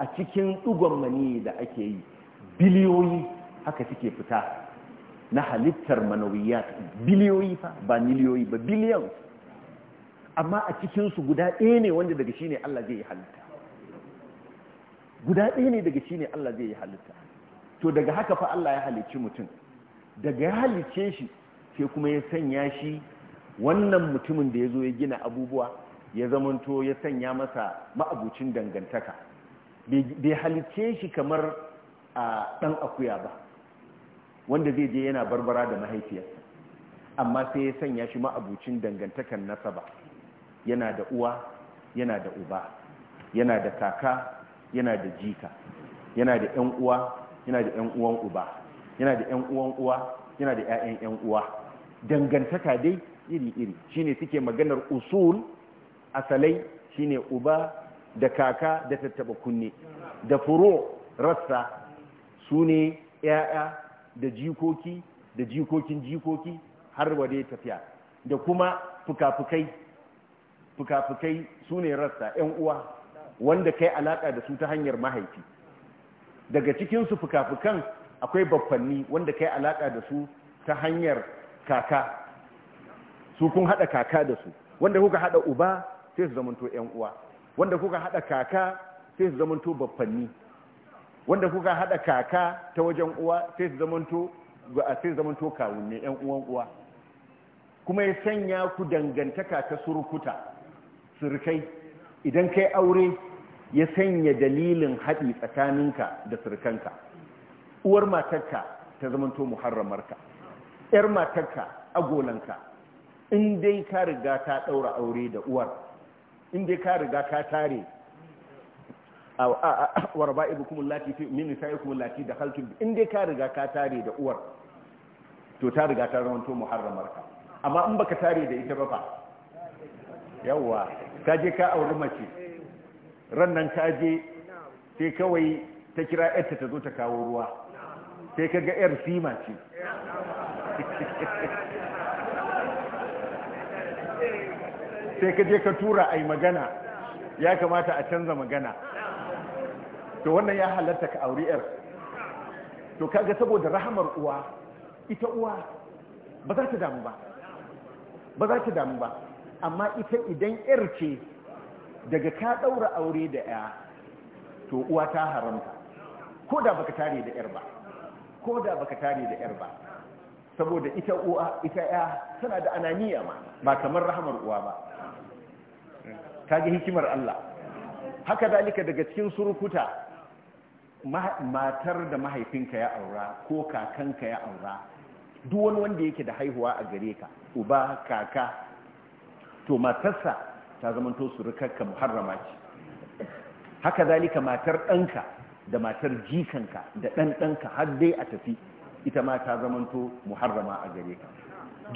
a cikin dugon mani da ake yi biliyoyi haka suke fita na halittar manawiyat biliyoyi fa ba miliyoyi ba biliyan amma a cikinsu guda ɗaya ne wanda daga shi Allah zai yi halitta guda ɗaya ne daga shi Allah zai yi halitta to daga haka fa Allah ya halicci mutum daga ya halicce shi sai kuma ya sanya shi wannan mutumin da ya zo ya gina abubuwa ya zamanto ya sanya masa ma'abucin dangantaka bai halicce shi kamar a ɗan akuya ba wanda zai je yana barbara da mahaifiyarsa amma sai ya sanya shi ma'abucin dangantakar nasaba yana da uwa yana da uba yana da kaka yana da jika yana da yan uwa yana da yan uwan uba yana da yan uwan uwa yana da ƴaƴan yan uwa dangantaka dai iri-iri shine suke maganar usul asalai shine uba da kaka da tattaba kunne da furo rassa su ne ƴaƴa da jikoki da jikokin jikoki har wade tafiya da kuma fukafukai fukafukai su ne rasta 'yan uwa wanda kai alaka da su ta hanyar mahaifi daga cikinsu fukafukan akwai baffanni wanda kai alaka da su ta hanyar kaka su kun hada kaka da su wanda kuka hada uba sai su zamanto 'yan uwa wanda kuka hada kaka sai su zamanto baffanni wanda kuka haɗa kaka ta wajen uwa sai su zamanto a sai zamanto kawun yan uwan uwa kuma ya sanya ku dangantaka ta surukuta surkai idan kai aure ya sanya dalilin haɗi tsakaninka da surkanka uwar matarka ta zamanto muharramarka yar matarka agolanka in dai ka riga ta ɗaura aure da uwar in dai ka riga ka tare wa raba'ibukum allati fi min nisa'ikum allati dakhaltum in dai ka riga ka tare da uwar to ta riga ta to muharramar ka amma in baka tare da ita ba fa yawa ka je ka auri mace Rannan nan ka je sai kawai ta kira yarta ta zo ta kawo ruwa sai ka ga yar sima ce sai ka je ka tura ai magana ya kamata a canza magana to wannan ya halarta ka auri yar to kaga saboda rahamar uwa ita uwa ba za ta damu ba ba za ta damu ba amma ita idan yar ce daga ka daura aure da ya to uwa ta haramta ko da baka tare da yar ba ko da baka tare da yar ba saboda ita uwa ita ya tana da ananiya ma ba kamar rahamar uwa ba kage hikimar Allah haka dalika daga cikin surukuta matar da mahaifinka ya aura ko kakanka ya aura duk wani wanda yake da haihuwa a gare ka uba kaka to matarsa ta zamanto surukarka muharrama ce haka zalika matar ɗanka da matar jikanka da ɗan ɗanka har dai a tafi ita ma ta zamanto muharrama a gare ka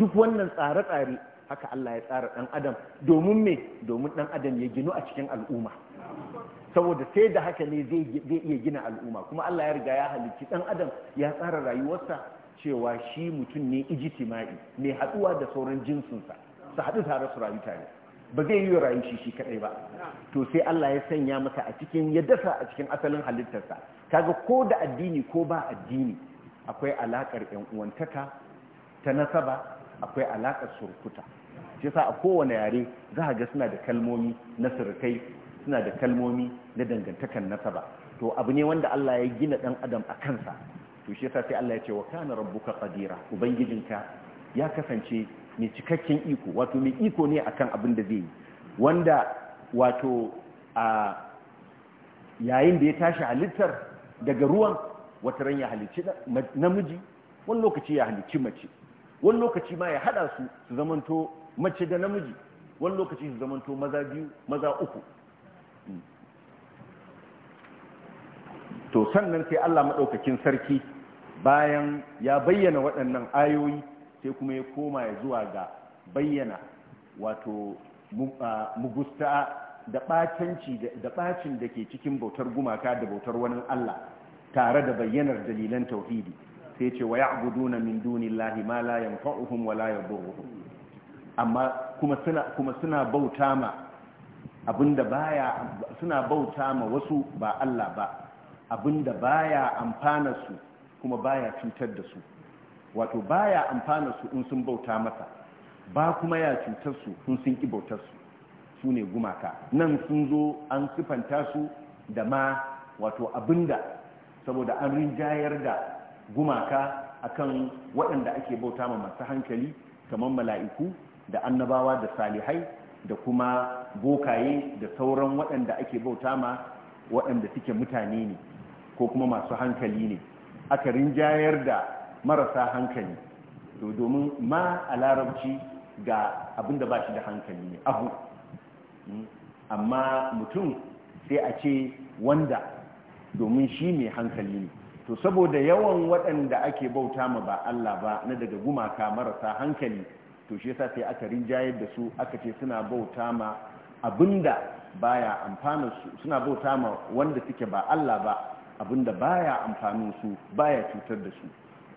duk wannan tsare-tsare haka Allah ya tsara ɗan adam domin me domin ɗan adam ya ginu a cikin al'umma saboda sai da haka ne zai iya gina al'umma kuma Allah ya riga ya halicci dan adam ya tsara rayuwarsa cewa shi mutum ne ijtima'i ne haduwa da sauran jinsinsa su haɗu tare su rayu tare ba zai yi rayu shi shi kadai ba to sai Allah ya sanya masa a cikin ya dasa a cikin asalin halittarsa kaga ko da addini ko ba addini akwai alakar yan uwantaka ta nasaba akwai alakar surkuta shi yasa a kowane yare za ga suna da kalmomi na surkai suna da kalmomi na dangantakan nasaba to abu ne wanda Allah ya gina dan adam a kansa to shi yasa sai Allah ya ce wa kana rabbuka qadira ubangijinka ya kasance mai cikakken iko wato mai iko ne akan abin da zai yi wanda wato a yayin da ya tashi halittar daga ruwan wata ran ya halicci namiji wani lokaci ya halicci mace wani lokaci ma ya hada su su zamanto mace da namiji wani lokaci su zamanto maza biyu maza uku to sannan sai Allah maɗaukakin sarki bayan ya bayyana waɗannan ayoyi sai kuma ya koma ya zuwa ga bayyana wato mugusta da ɓacanci da ɓacin da ke cikin bautar gumaka da bautar wani Allah tare da bayyanar dalilan tauhidi sai ce wa ya'buduna min dunillahi ma la yanfa'uhum wa la yadurruhum amma kuma suna kuma suna bauta ma abinda baya suna bauta ma wasu ba Allah ba abinda baya amfana su kuma baya cutar da su wato baya amfana su in sun bauta masa ba kuma ya cutar su in sun ki bautar su su ne gumaka nan sun zo an sifanta su da ma wato abinda saboda an rinjayar da gumaka akan waɗanda ake bauta ma masu hankali kamar mala'iku da annabawa da salihai da kuma bokaye da sauran waɗanda ake bauta ma waɗanda suke mutane ne ko kuma masu hankali ne aka rinjayar da marasa hankali to domin ma a larabci ga abin da ba shi da hankali ne abu hmm? amma mutum sai a ce wanda domin shi mai hankali ne to saboda yawan waɗanda ake bauta ma ba Allah ba na daga gumaka marasa hankali to shi yasa sai aka rinjayar da su aka ce suna bauta ma abinda baya amfana su suna bauta ma wanda suke ba Allah ba abinda baya amfanin su baya cutar da su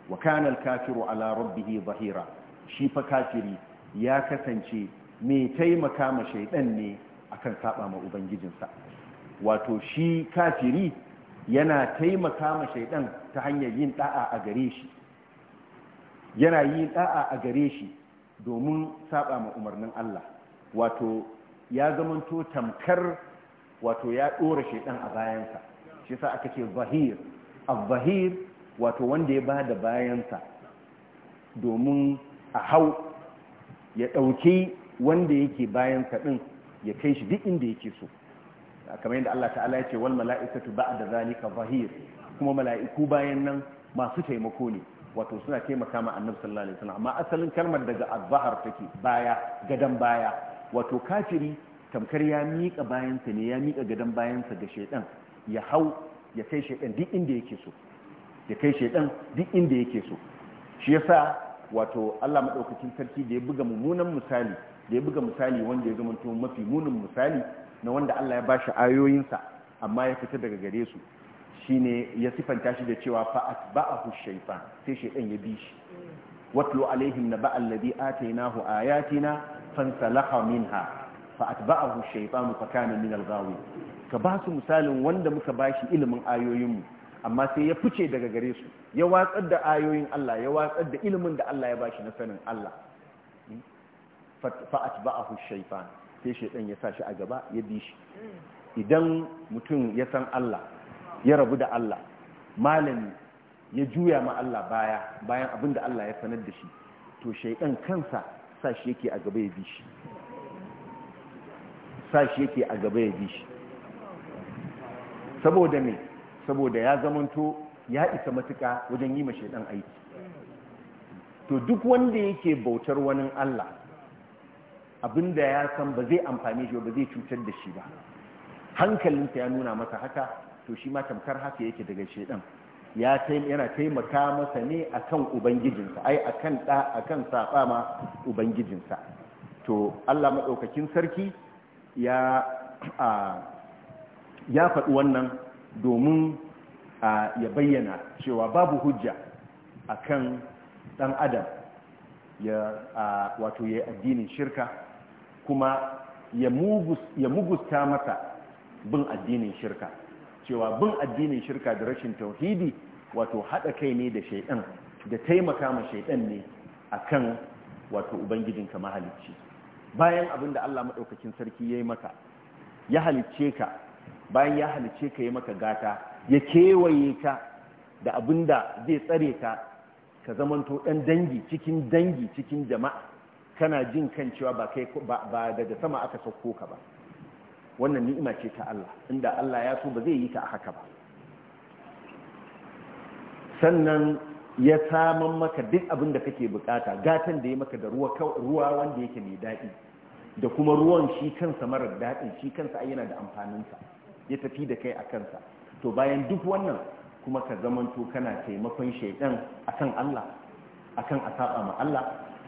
wa kana al-kafiru ala rabbihi zahira shi fa kafiri ya kasance mai taimaka ma shaydan ne akan saba ma ubangijinsa wato shi kafiri yana taimaka ma shaydan ta hanyar yin da'a a gare shi yana yi da'a a gare shi domin saba ma umarnin Allah wato ya zamanto tamkar wato ya dora shaydan a bayansa shi yasa aka ce zahir abahir zahir wato wanda ya bada bayansa domin a hau ya dauki wanda yake bayansa din ya kai shi duk inda yake so kamar yadda Allah ta'ala ya ce wal mala'ikatu ba'da zalika zahir kuma mala'iku bayan nan masu taimako ne wato suna taimaka ma annabi sallallahu alaihi wasallam amma asalin kalmar daga azhar take baya gadan baya wato kafiri tamkar ya miƙa bayansa ne ya miƙa gadon bayansa ga shaidan ya hau ya kai shaidan duk inda yake so ya kai shaidan duk inda yake so shi yasa wato Allah madaukakin sarki da ya buga mummunan misali da ya buga misali wanda ya zama to mafi munin misali na wanda Allah ya ba bashi ayoyinsa amma ya fita daga gare su shine ya sifanta shi da cewa fa atba'ahu shaytan sai shaidan ya bi shi watlu alaihim naba alladhi atainahu ayatina fansalakha minha fa atba'ahu na fa kana min al ka ba su misalin wanda muka ba shi ilimin ayoyinmu amma sai ya fice daga gare su ya watsar da ayoyin Allah ya watsar da ilimin da Allah ya ba shi na sanin Allah fa'at ba'ahu shaytan sai shaytan ya sa shi a gaba ya bi shi idan mutum ya san Allah ya rabu da Allah malami ya juya ma Allah baya bayan abin da Allah ya sanar da shi to shaytan kansa sa shi yake a sa shi yake a gaba ya bi shi saboda ne saboda ya zamanto ya isa matuka wajen yi mashi dan aiki to duk wanda yake bautar wani Allah abinda ya san ba zai amfani shi ba zai cutar da shi ba hankalinsa ya nuna masa haka to shi ma tamkar haka yake daga shedan ya yana taimaka masa ne akan ubangijinsa ai akan da akan saba ma ubangijinsa to Allah madaukakin sarki ya a ya faɗi wannan domin ya bayyana cewa babu hujja a kan ɗan adam ya wato ya addinin shirka kuma ya mugusta masa bin addinin shirka cewa bin addinin shirka da rashin tauhidi wato haɗa kai ne da shaiɗan da taimaka ma shaidan ne a kan wato ubangijinka mahalicci bayan abin da Allah maɗaukakin sarki ya yi maka ya halicce ka bayan ya halice ka yi maka gata ya kewaye ka da abin da zai tsare ka ka zamanto ɗan dangi cikin dangi cikin jama'a kana jin kan cewa ba kai ba daga sama aka sauko ka ba wannan ni'ima ce ta Allah inda Allah ya so ba zai yi ka haka ba sannan ya saman maka duk abin da kake bukata gatan da ya maka da ruwa wanda yake mai daɗi da kuma ruwan shi kansa marar daɗin shi kansa a yana da amfaninsa ya tafi da kai a kansa to bayan duk wannan kuma ka zamanto kana taimakon shaidan akan Allah akan a saba ma Allah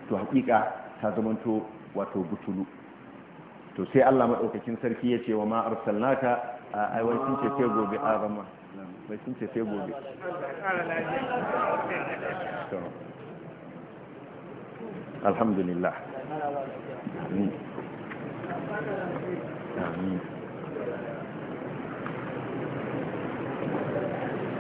to hakika ta zamanto wato butulu to sai Allah maɗaukakin sarki ya ce wa ma arsalnaka a wai sun ce sai gobe a rama wai sun ce sai gobe alhamdulillah amin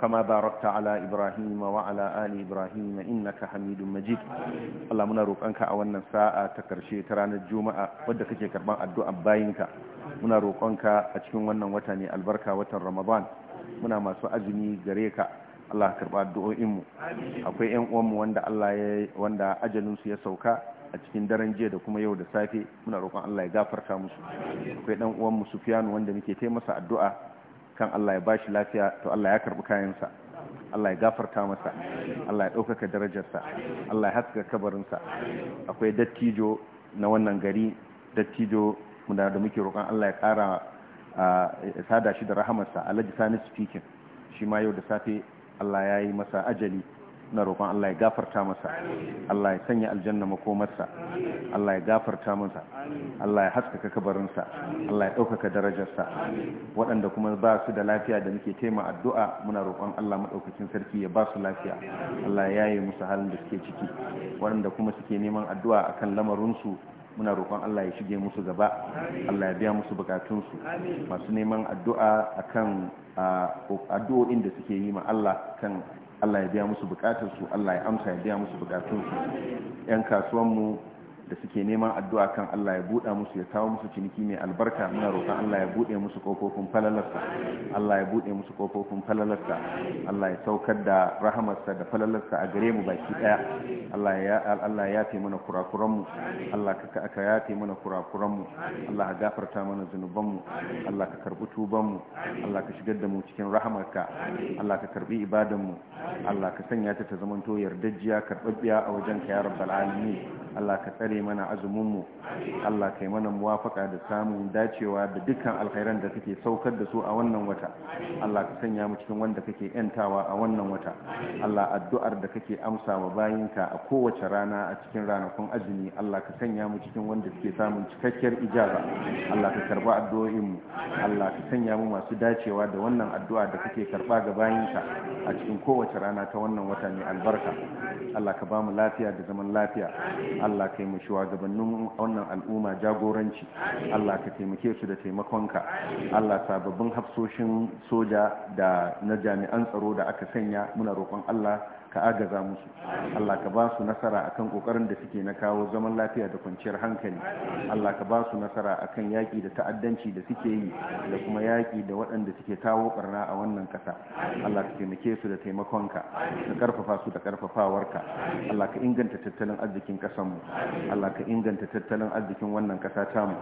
كما باركت على إبراهيم وعلى آل إبراهيم إنك حميد مجيد wannan sa'a ta أولنا ta ranar Juma'a. الجمعة kake كربان addu'a bayinka. muna roƙonka a cikin wannan wata ne albarka watan ramadan muna masu azumi gare ka Allah addu'o'in mu akwai 'yan uwanmu wanda Allah ya wanda ajalinsu ya sauka a cikin daren jiya da kuma yau da safe muna roƙon Allah ya gafarta musu akwai ɗan uwanmu Sufyan wanda muke taimasa addu'a kan Allah ya bashi lafiya to Allah ya karɓi kayansa Allah ya gafarta masa Allah ya ɗaukaka darajarsa Allah ya haska kabarinsa akwai dattijo na wannan gari dattijo muna da muke roƙon Allah ya ƙara ya sada shi da rahamarsa Alhaji Sani speaking shi ma yau da safe Allah ya yi masa ajali na roƙon Allah ya gafarta masa Allah ya sanya aljanna makomarsa Allah ya gafarta masa Allah ya haskaka kabarinsa Allah ya ɗaukaka darajarsa waɗanda kuma ba su da lafiya da muke taima addu'a muna roƙon Allah maɗaukacin sarki ya ba su lafiya Allah ya yaye musu halin da suke ciki waɗanda kuma suke neman addu'a akan lamarinsu muna roƙon Allah ya shige musu gaba Allah ya biya musu bukatunsu masu neman addu'a akan addu'o'in da suke yi ma Allah kan Allah ya biya musu bukatarsu Allah ya amsa ya biya musu bukatunsu 'yan kasuwanmu da suke neman addu'a kan Allah ya buɗa musu ya kawo musu ciniki mai albarka muna roƙon Allah ya buɗe musu kofofin falalarsa Allah ya buɗe musu kofofin falalarsa Allah ya saukar da rahamarsa da falalarsa a gare mu baki ɗaya Allah ya Allah ya yafe mana kurakuran mu Allah ka ka mana kurakuran mu Allah ka gafarta mana zunuban mu Allah ka karbi tuban mu Allah ka shigar da mu cikin rahamarka Allah ka karbi ibadan mu Allah ka sanya ta ta zamanto yardajjiya karɓaɓɓiya a wajen ya rabbal alamin Allah ka tsare mana azuminmu Allah ka yi mana muwafaka da samun dacewa da dukkan alkhairan da kake saukar da su a wannan wata Allah ka sanya mu cikin wanda kake yantawa a wannan wata Allah addu'ar da kake amsa wa bayinka a kowace rana a cikin ranakun azumi Allah ka sanya mu cikin wanda suke samun cikakkiyar ijaba Allah ka karba addu'o'in mu Allah ka sanya mu masu dacewa da wannan addu'a da kake karba ga bayinka a cikin kowace rana ta wannan wata mai albarka Allah ka ba mu lafiya da zaman lafiya Allah kai mu shugabannin wannan al'umma jagoranci Allah ka taimake su da taimakonka Allah sababbin hafsoshin soja da na jami'an tsaro da aka sanya muna roƙon Allah ka agaza musu Allah ka ba su nasara akan kokarin da suke na kawo zaman lafiya da kwanciyar hankali Allah ka ba su nasara akan yaki da ta'addanci da suke yi da kuma yaki da waɗanda suke kawo barna a wannan ƙasa Allah ka taimake su da taimakonka ka karfafa su da karfafawarka Allah ka inganta tattalin arzikin ƙasar mu Allah ka inganta tattalin arzikin wannan ƙasa ta mu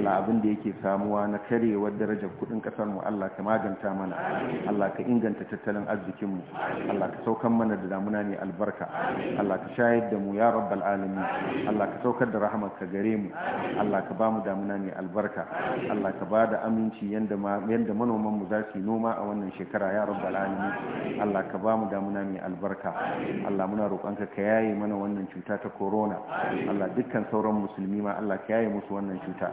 Allah abin da yake samuwa na karewar darajar kuɗin ƙasar mu Allah ka maganta mana Allah ka inganta tattalin arzikin mu Allah ka saukan mana da damuna ne albarka Allah ka shayar da mu ya rabbal alamin Allah ka saukar da rahama ka gare mu Allah ka ba mu damuna ne albarka Allah ka ba da aminci yanda manoman mu za su noma a wannan shekara ya rabbal alamin Allah ka ba mu damuna ne albarka Allah muna roƙon ka yaye mana wannan cuta ta corona Allah dukkan sauran musulmi ma Allah ka yaye musu wannan cuta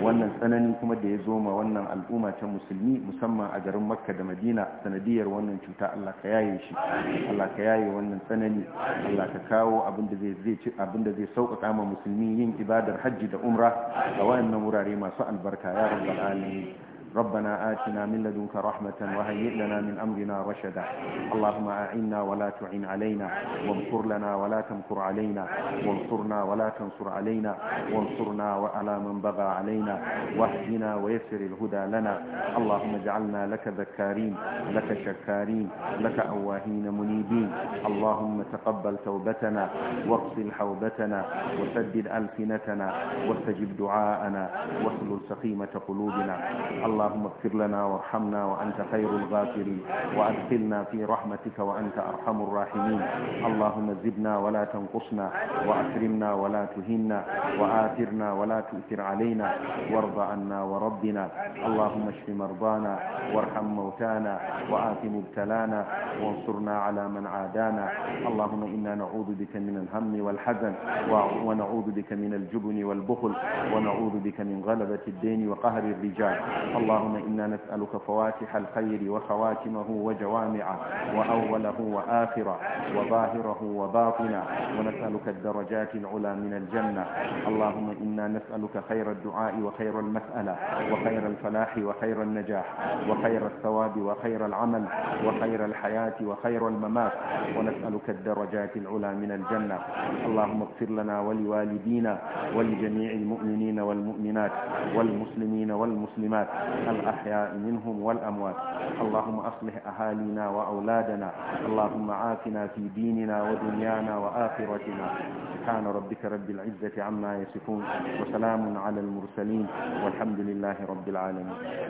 wannan tsanani kuma da ya zo ma wannan al'umma ta musulmi musamman a garin Makka da Madina sanadiyar wannan cuta Allah ka yaye shi Allah ka yaye kare wannan tsanani Allah ka kawo abinda zai zai ci abinda sauƙaƙa ma musulmi yin ibadar hajji da umra a wayannan wurare masu albarka ya rabbal alamin ربنا آتنا من لدنك رحمة وهيئ لنا من أمرنا رشدا اللهم أعنا ولا تعن علينا وانصر لنا ولا تنصر علينا وانصرنا ولا تنصر علينا وانصرنا وعلى من بغى علينا واهدنا ويسر الهدى لنا اللهم اجعلنا لك ذكارين لك شكارين لك أواهين منيبين اللهم تقبل توبتنا واغسل حوبتنا وسدد ألسنتنا واستجب دعاءنا واخلل سقيمة قلوبنا اللهم اللهم اغفر لنا وارحمنا وأنت خير الغافرين وأدخلنا في رحمتك وأنت أرحم الراحمين اللهم زدنا ولا تنقصنا وأكرمنا ولا تهنا وآثرنا ولا تؤثر علينا وارض عنا وربنا اللهم اشف مرضانا وارحم موتانا وآت مبتلانا وانصرنا على من عادانا اللهم إنا نعوذ بك من الهم والحزن ونعوذ بك من الجبن والبخل ونعوذ بك من غلبة الدين وقهر الرجال اللهم اللهم إنا نسألك فواتح الخير وخواتمه وجوامعه وأوله وآخره وظاهره وباطنه ونسألك الدرجات العلى من الجنة اللهم إنا نسألك خير الدعاء وخير المسألة وخير الفلاح وخير النجاح وخير الثواب وخير العمل وخير الحياة وخير الممات ونسألك الدرجات العلى من الجنة اللهم اغفر لنا ولوالدينا ولجميع المؤمنين والمؤمنات والمسلمين والمسلمات الأحياء منهم والأموات اللهم أصلح أهالينا وأولادنا اللهم عافنا في ديننا ودنيانا وآخرتنا سبحان ربك رب العزة عما يصفون وسلام على المرسلين والحمد لله رب العالمين